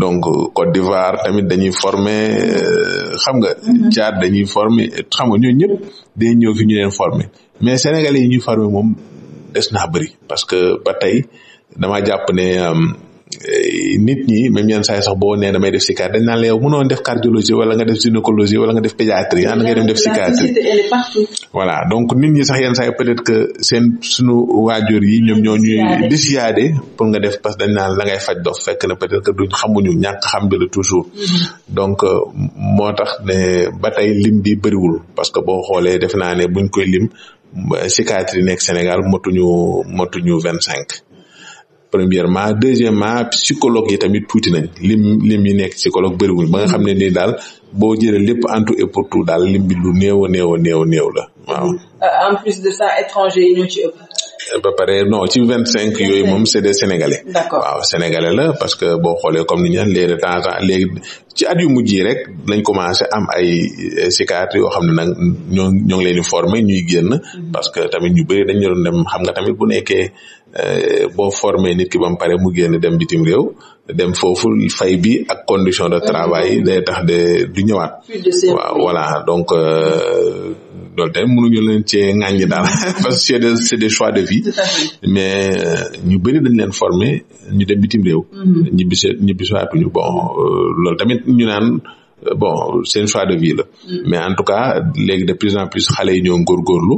Speaker 2: donc Côte d'Ivoire tamit dañuy former euh, xam nga. Mhm. Tchad dañuy former xam nga ñooñu ñëpp day ñëw fi ñu leen former mais Sénégalais yi ñuy former moom des naa bëri parce que ba tey dama jàpp ne. Euh, Eh, nit ñi même yenn saay sax boo nee may def psychiatrie dañ naan la yow mënoon def cardiologie wala nga def gynécologie wala nga def pédiatrie naan ngay dem def psychiatrie voilà donc nit ñi sax yenn saay peut-être que seen suñu waajur yi ñoom ñoo ñuy dissuader pour nga def parce que dañ naan la ngay faj dof fekk na peut-être que duñ xamuñu ñàkk xam bi la toujours mm-hmm. donc euh, moo tax ne ba tey lim bi bëriwul parce que boo xoolee def naa ne buñ koy lim psychiatrie nekk Sénégal motuñu motuñu vingt cinq premièrement deuxièmement psychologue yi tamit tuuti nañ lim lim yi nekk psychologue bëriwuñ ba nga xam ne nii daal boo jëlee lépp en tout et pour tout daal lim bi lu néew a néew a néew la waaw.
Speaker 1: Euh, en plus de ça étranger yi ñoo ci
Speaker 2: euh, pare non ci vingt cinq yooyu moom c'est des sénégalais. d'accord waaw la parce que boo xoolee comme ñu naan léegi de léegi ci at yu mujj yi rek lañ commencé am ay psychiatre yoo xam ne nag ñoo ñoo ngi leen di former ñuy génn. Mm-hmm. parce que tamit ñu bëri dañ doon dem xam nga tamit bu nekkee. Euh, boo formé nit ki ba pare mu génn dem bitim réew dem foofu fay bi ak condition de travail yi mm-hmm. day tax de du ñëwaat waaw voilà donc euh, loolu tamit mënuñu leen cee ŋàññi daal parce que c'est des choix de vie mais euh, ñu bëri dañ leen former ñu dem bitim réew mm-hmm. ñu bise ñu bisaatuñu bon loolu tamit ñu naan bon seen choix de vie la mm-hmm. mais en tout cas léegi de plus en plus xale yi ñoo góorgóorlu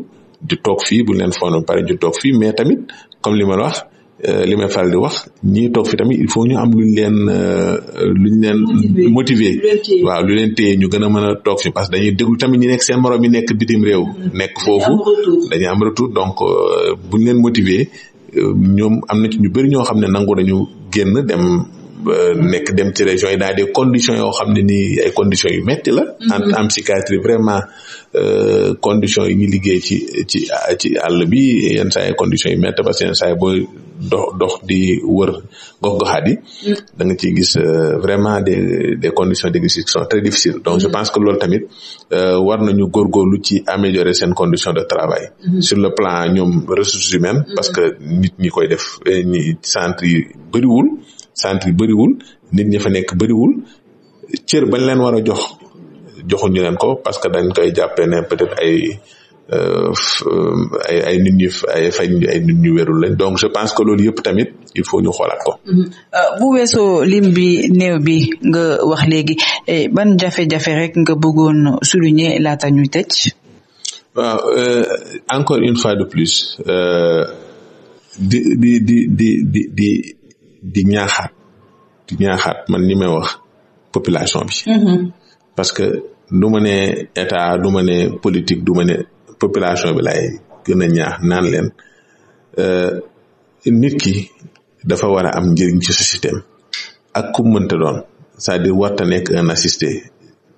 Speaker 2: di toog fii buñ leen former pare ñu toog fii mais tamit comme li ma wax euh, li may faral di wax ñii toog fi tamit il faut ñu am luñ leen euh, luñ leen motiver waaw lu leen téye ñu gën a mën a toog fi parce dañuy déglu tamit ñi nekk seen morom yi nekk bitim réew mm-hmm. nekk foofu dañuy am retour donc euh, buñ leen motiver ñoom am na ci ñu bëri ñoo xam ne nangu nañu génn dem Euh, nekk dem ci région yi dans des condition yoo xam ne nii ay conditions yu metti la en mhm. en psychiatrie vraiment euh, conditions yi ñu liggéey ci ci ci àll bi yenn conditions yu metti parce que yenn saa dox di wër gox-goxaat yi mm. da nga ciy gis euh, vraiment des condition conditions d'exercice qui sont très difficiles donc je mm. pense que loolu tamit war nañu góorgóorlu ci améliorer seen condition de travail mm-hmm. sur le plan ñoom ressources humaines mm-hmm. parce que nit ñi koy def eh, ñi centre yi bëriwul centre yi bëriwul nit ñi nekk bëriwul cër bañ leen war a jox joxuñu leen ko parce que dañ koy jàppee ne peut ay euh, euh, ay ay nit ñu ay fay nit ñu wérul lañ donc je pense que loolu yëpp tamit il faut ñu xoolaat ko.
Speaker 1: Mm-hmm. Euh, bu weesoo lim bi néew bi nga wax léegi eh, ban jafe-jafe rek nga bëggoon souligner laata ñuy tëj.
Speaker 2: waaw encore une fois de plus di di di di di. di ñaax di ñaaxaat man li may wax population bi. Mm-hmm. parce que du ma ne état du ma ne politique du ma ne population bi laay gën a ñaax naan leen euh, nit ki dafa war a am njëriñ ci société ak ku mënta doon saa à dire warta nekk un assisté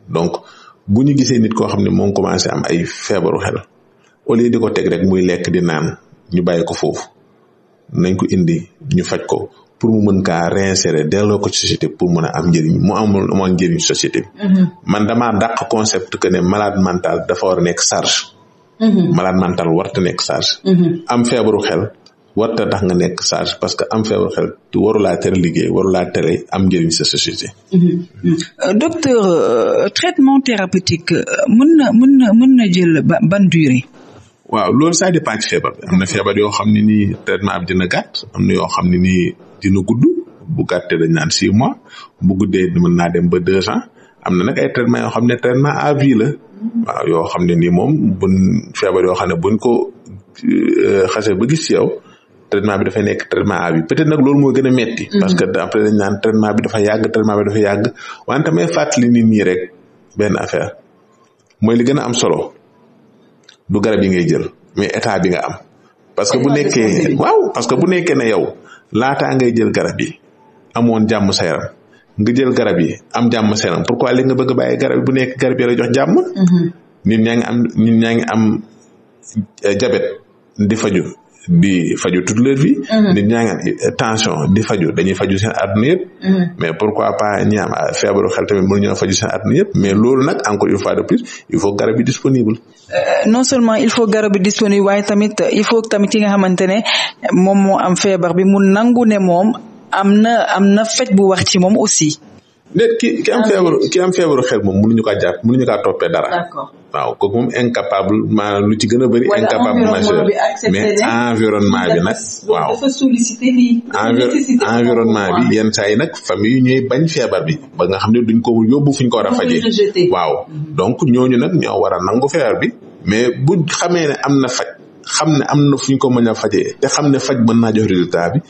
Speaker 2: donc bu ñu gisee nit koo xam ne moom commencé am ay feebaru xel au lieu di ko teg rek muy lekk di naan ñu bàyyi ko foofu nañ ko indi ñu faj ko pour mu mën réinsérer delloo ko société pour mën a am njëriñ mu amul amoon njëriñ société bi. Mm-hmm. man damaa dàq concept que ne malade mental dafa a nekk charge. Mm-hmm. malade mental warta nekk charge. Mm-hmm. am feebaru xel warta tax nekk charge parce que am feebaru xel warulaa tere liggéey warulaa tere am njëriñ sa société.
Speaker 1: Euh, docteur euh, traitement thérapeutique euh, mën na mën na jël ban durée.
Speaker 2: waaw loolu ça feebar am na feebar yoo xam ne traitement bi dina gàtt am na yoo xam ne nii. dina gudd bu gàttee dañ naan si mois bu guddee mën naa dem ba deux ans am na nag ay traitement yoo xam ne traitement à la waaw yoo xam ne nii moom bu feebar yoo xam ne buñ ko euh, xasee ba gis ci yow traitement bi dafay nekk traitement à vie peut-être nag loolu moo gën a metti mm-hmm. parce que après dañ naan traitement bi dafa yàgg traitement bi dafa yàgg wante may fàttali nit ñi rek benn affaire mooy li gën a am solo du garab yi ngay jël mais état bi nga am parce que bu nekke waaw parce que bu nekkee na yow laata ngay jël garab yi amoon jàmm sa yaram nga jël garab yi am jàmm sa yaram pourquoi li nga bëgg a bàyyi garab yi bu nekk garab yi la jox jàmm. Mm-hmm. nit ñaa ngi am nit ñaa ngi am eh, jabet di faju di faju toute leur vie mm-hmm. nit ñaa eh, tension di faju dañuy faju seen àdduna yëpp mm-hmm. mais pourquoi pas ñi am ah, feebaru xel tamit mënuñoo faju seen àdduna yëpp mais loolu nag encore une fois de plus il faut garab disponible
Speaker 1: euh, non seulement il faut garab yi disponible waaye tamit euh, il faut tamit ki nga xamante ne moom moo am feebar bi mu nangu ne moom am na am na faj bu wax ci moom aussi déet
Speaker 2: ki ki am feebaru ki am feebaru xel moom mënuñu kaa jàpp mënuñu kaa toppee dara. d'accord waaw kooku moom incapable lu ci gën a bëri. incapable majeur mais environnement bi nag. waaw environnement bi yenn saa yi nag famille yi ñooy bañ feebar bi ba nga xam ne duñ ko yóbbu fuñ ko war a faje waaw mhm. donc ñooñu nag ñoo war a nangu feebar bi mais bu xamee ne am na faj. xam ne am na fu ko mën a fajee te xam ne faj mën naa jox résultat bi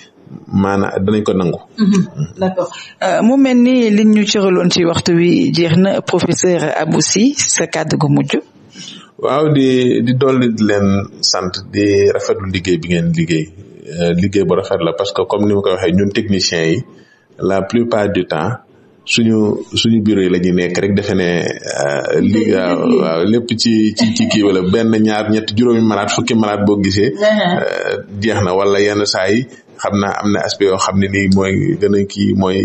Speaker 2: maanaa danañ ko nangu.
Speaker 1: Mhm. d' euh, mu mel ni liñ ñu cëraloon ci waxtu wi jeex na professeur a Sy sa kàddu gu mujj. waaw
Speaker 2: di di dolli leen sant di rafetlu liggéey bi ngeen liggéey euh, liggéey bu rafet la parce que comme ni ma ko waxee ñun techniciens yi la plupart du temps suñu suñu bureau yi la ñuy nekk rek defe ne euh, li waaw ci ci ci kii wala benn ñaar ñett juróomi malade fukki malaat boo gisee. Uh-huh. jeex na wala yenn saa yi xam naa am na aspect yoo xam ne nii mooy gën a kii mooy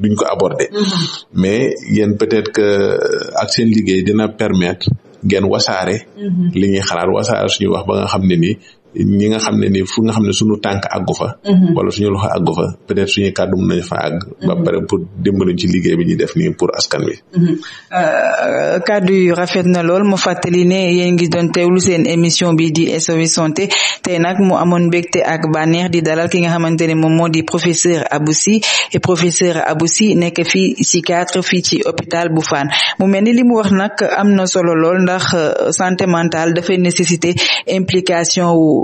Speaker 2: duñ ko aborder mm-hmm. mais yéen peut-être que euh, ak seen liggéey dina permettre ngeen wasaare mm-hmm. li ñuy xalaat wasaare suñu wax ba nga xam ne nii ñi nga xam ne ni fu nga xam ne suñu tànk àggu fa mhm. wala suñu loxo àggu fa peut-être suñu kàddu mën nañ fa àgg mhm. ba pare pour dimbaliñ ci liggéey bi def nii pour askan wi
Speaker 1: mhm. euh, kàddu rafet na lool moo fàttali ne yéen ngi doon teewlu seen émission bi di SOS santé tey nag mu amoon mbégte ak bànneex di dalal ki nga xamante ne moom moo di professeur Abou Sy et professeur Abou Sy nekk fii psychiatre fii ci hôpital bu Fann mu mel ni li mu wax nag am na solo lool ndax euh, santé mentale dafay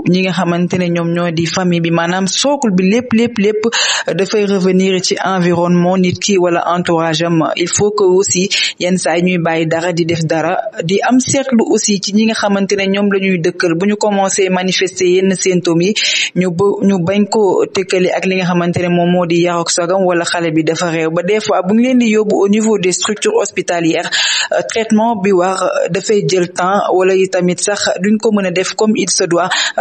Speaker 1: ñi nga xamante ne ñoom ñoo di famille bi maanaam socle bi lépp lépp lépp dafay revenir ci environnement nit ki wala entourage am il faut que aussi yenn saa yi ñuy bàyyi dara di def dara di am seetlu aussi ci ñi nga xamante ne ñoom la ñuy dëkkal bu ñu commencé manifester yenn symptômes yi ñu ba ñu bañ ko tëkkali ak li nga xamante ne moom moo di yar ak wala xale bi dafa réew ba des fois bu ñu leen di yóbbu au niveau des structures hospitalières euh, traitement bi war dafay jël temps wala yi tamit sax duñ ko mën def comme il se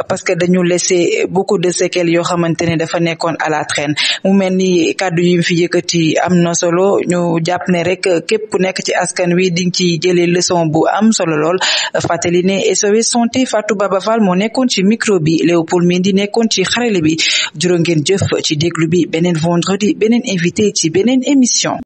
Speaker 1: parce que dañu laissé beaucoup de séquelles yoo xamante ne dafa nekkoon à la traîne mu mel ni kàddu yi fi yëkkati am na solo ñu jàpp ne rek képp ku nekk ci askan wi di nga ci jëlee leçon bu am solo lool fàttali ne SOS santé Fatou Baba Fall moo nekkoon ci micro bi Léopold Mendy nekkoon ci xarale bi juróom ngeen jëf ci déglu bi beneen vendredi beneen invité ci beneen émission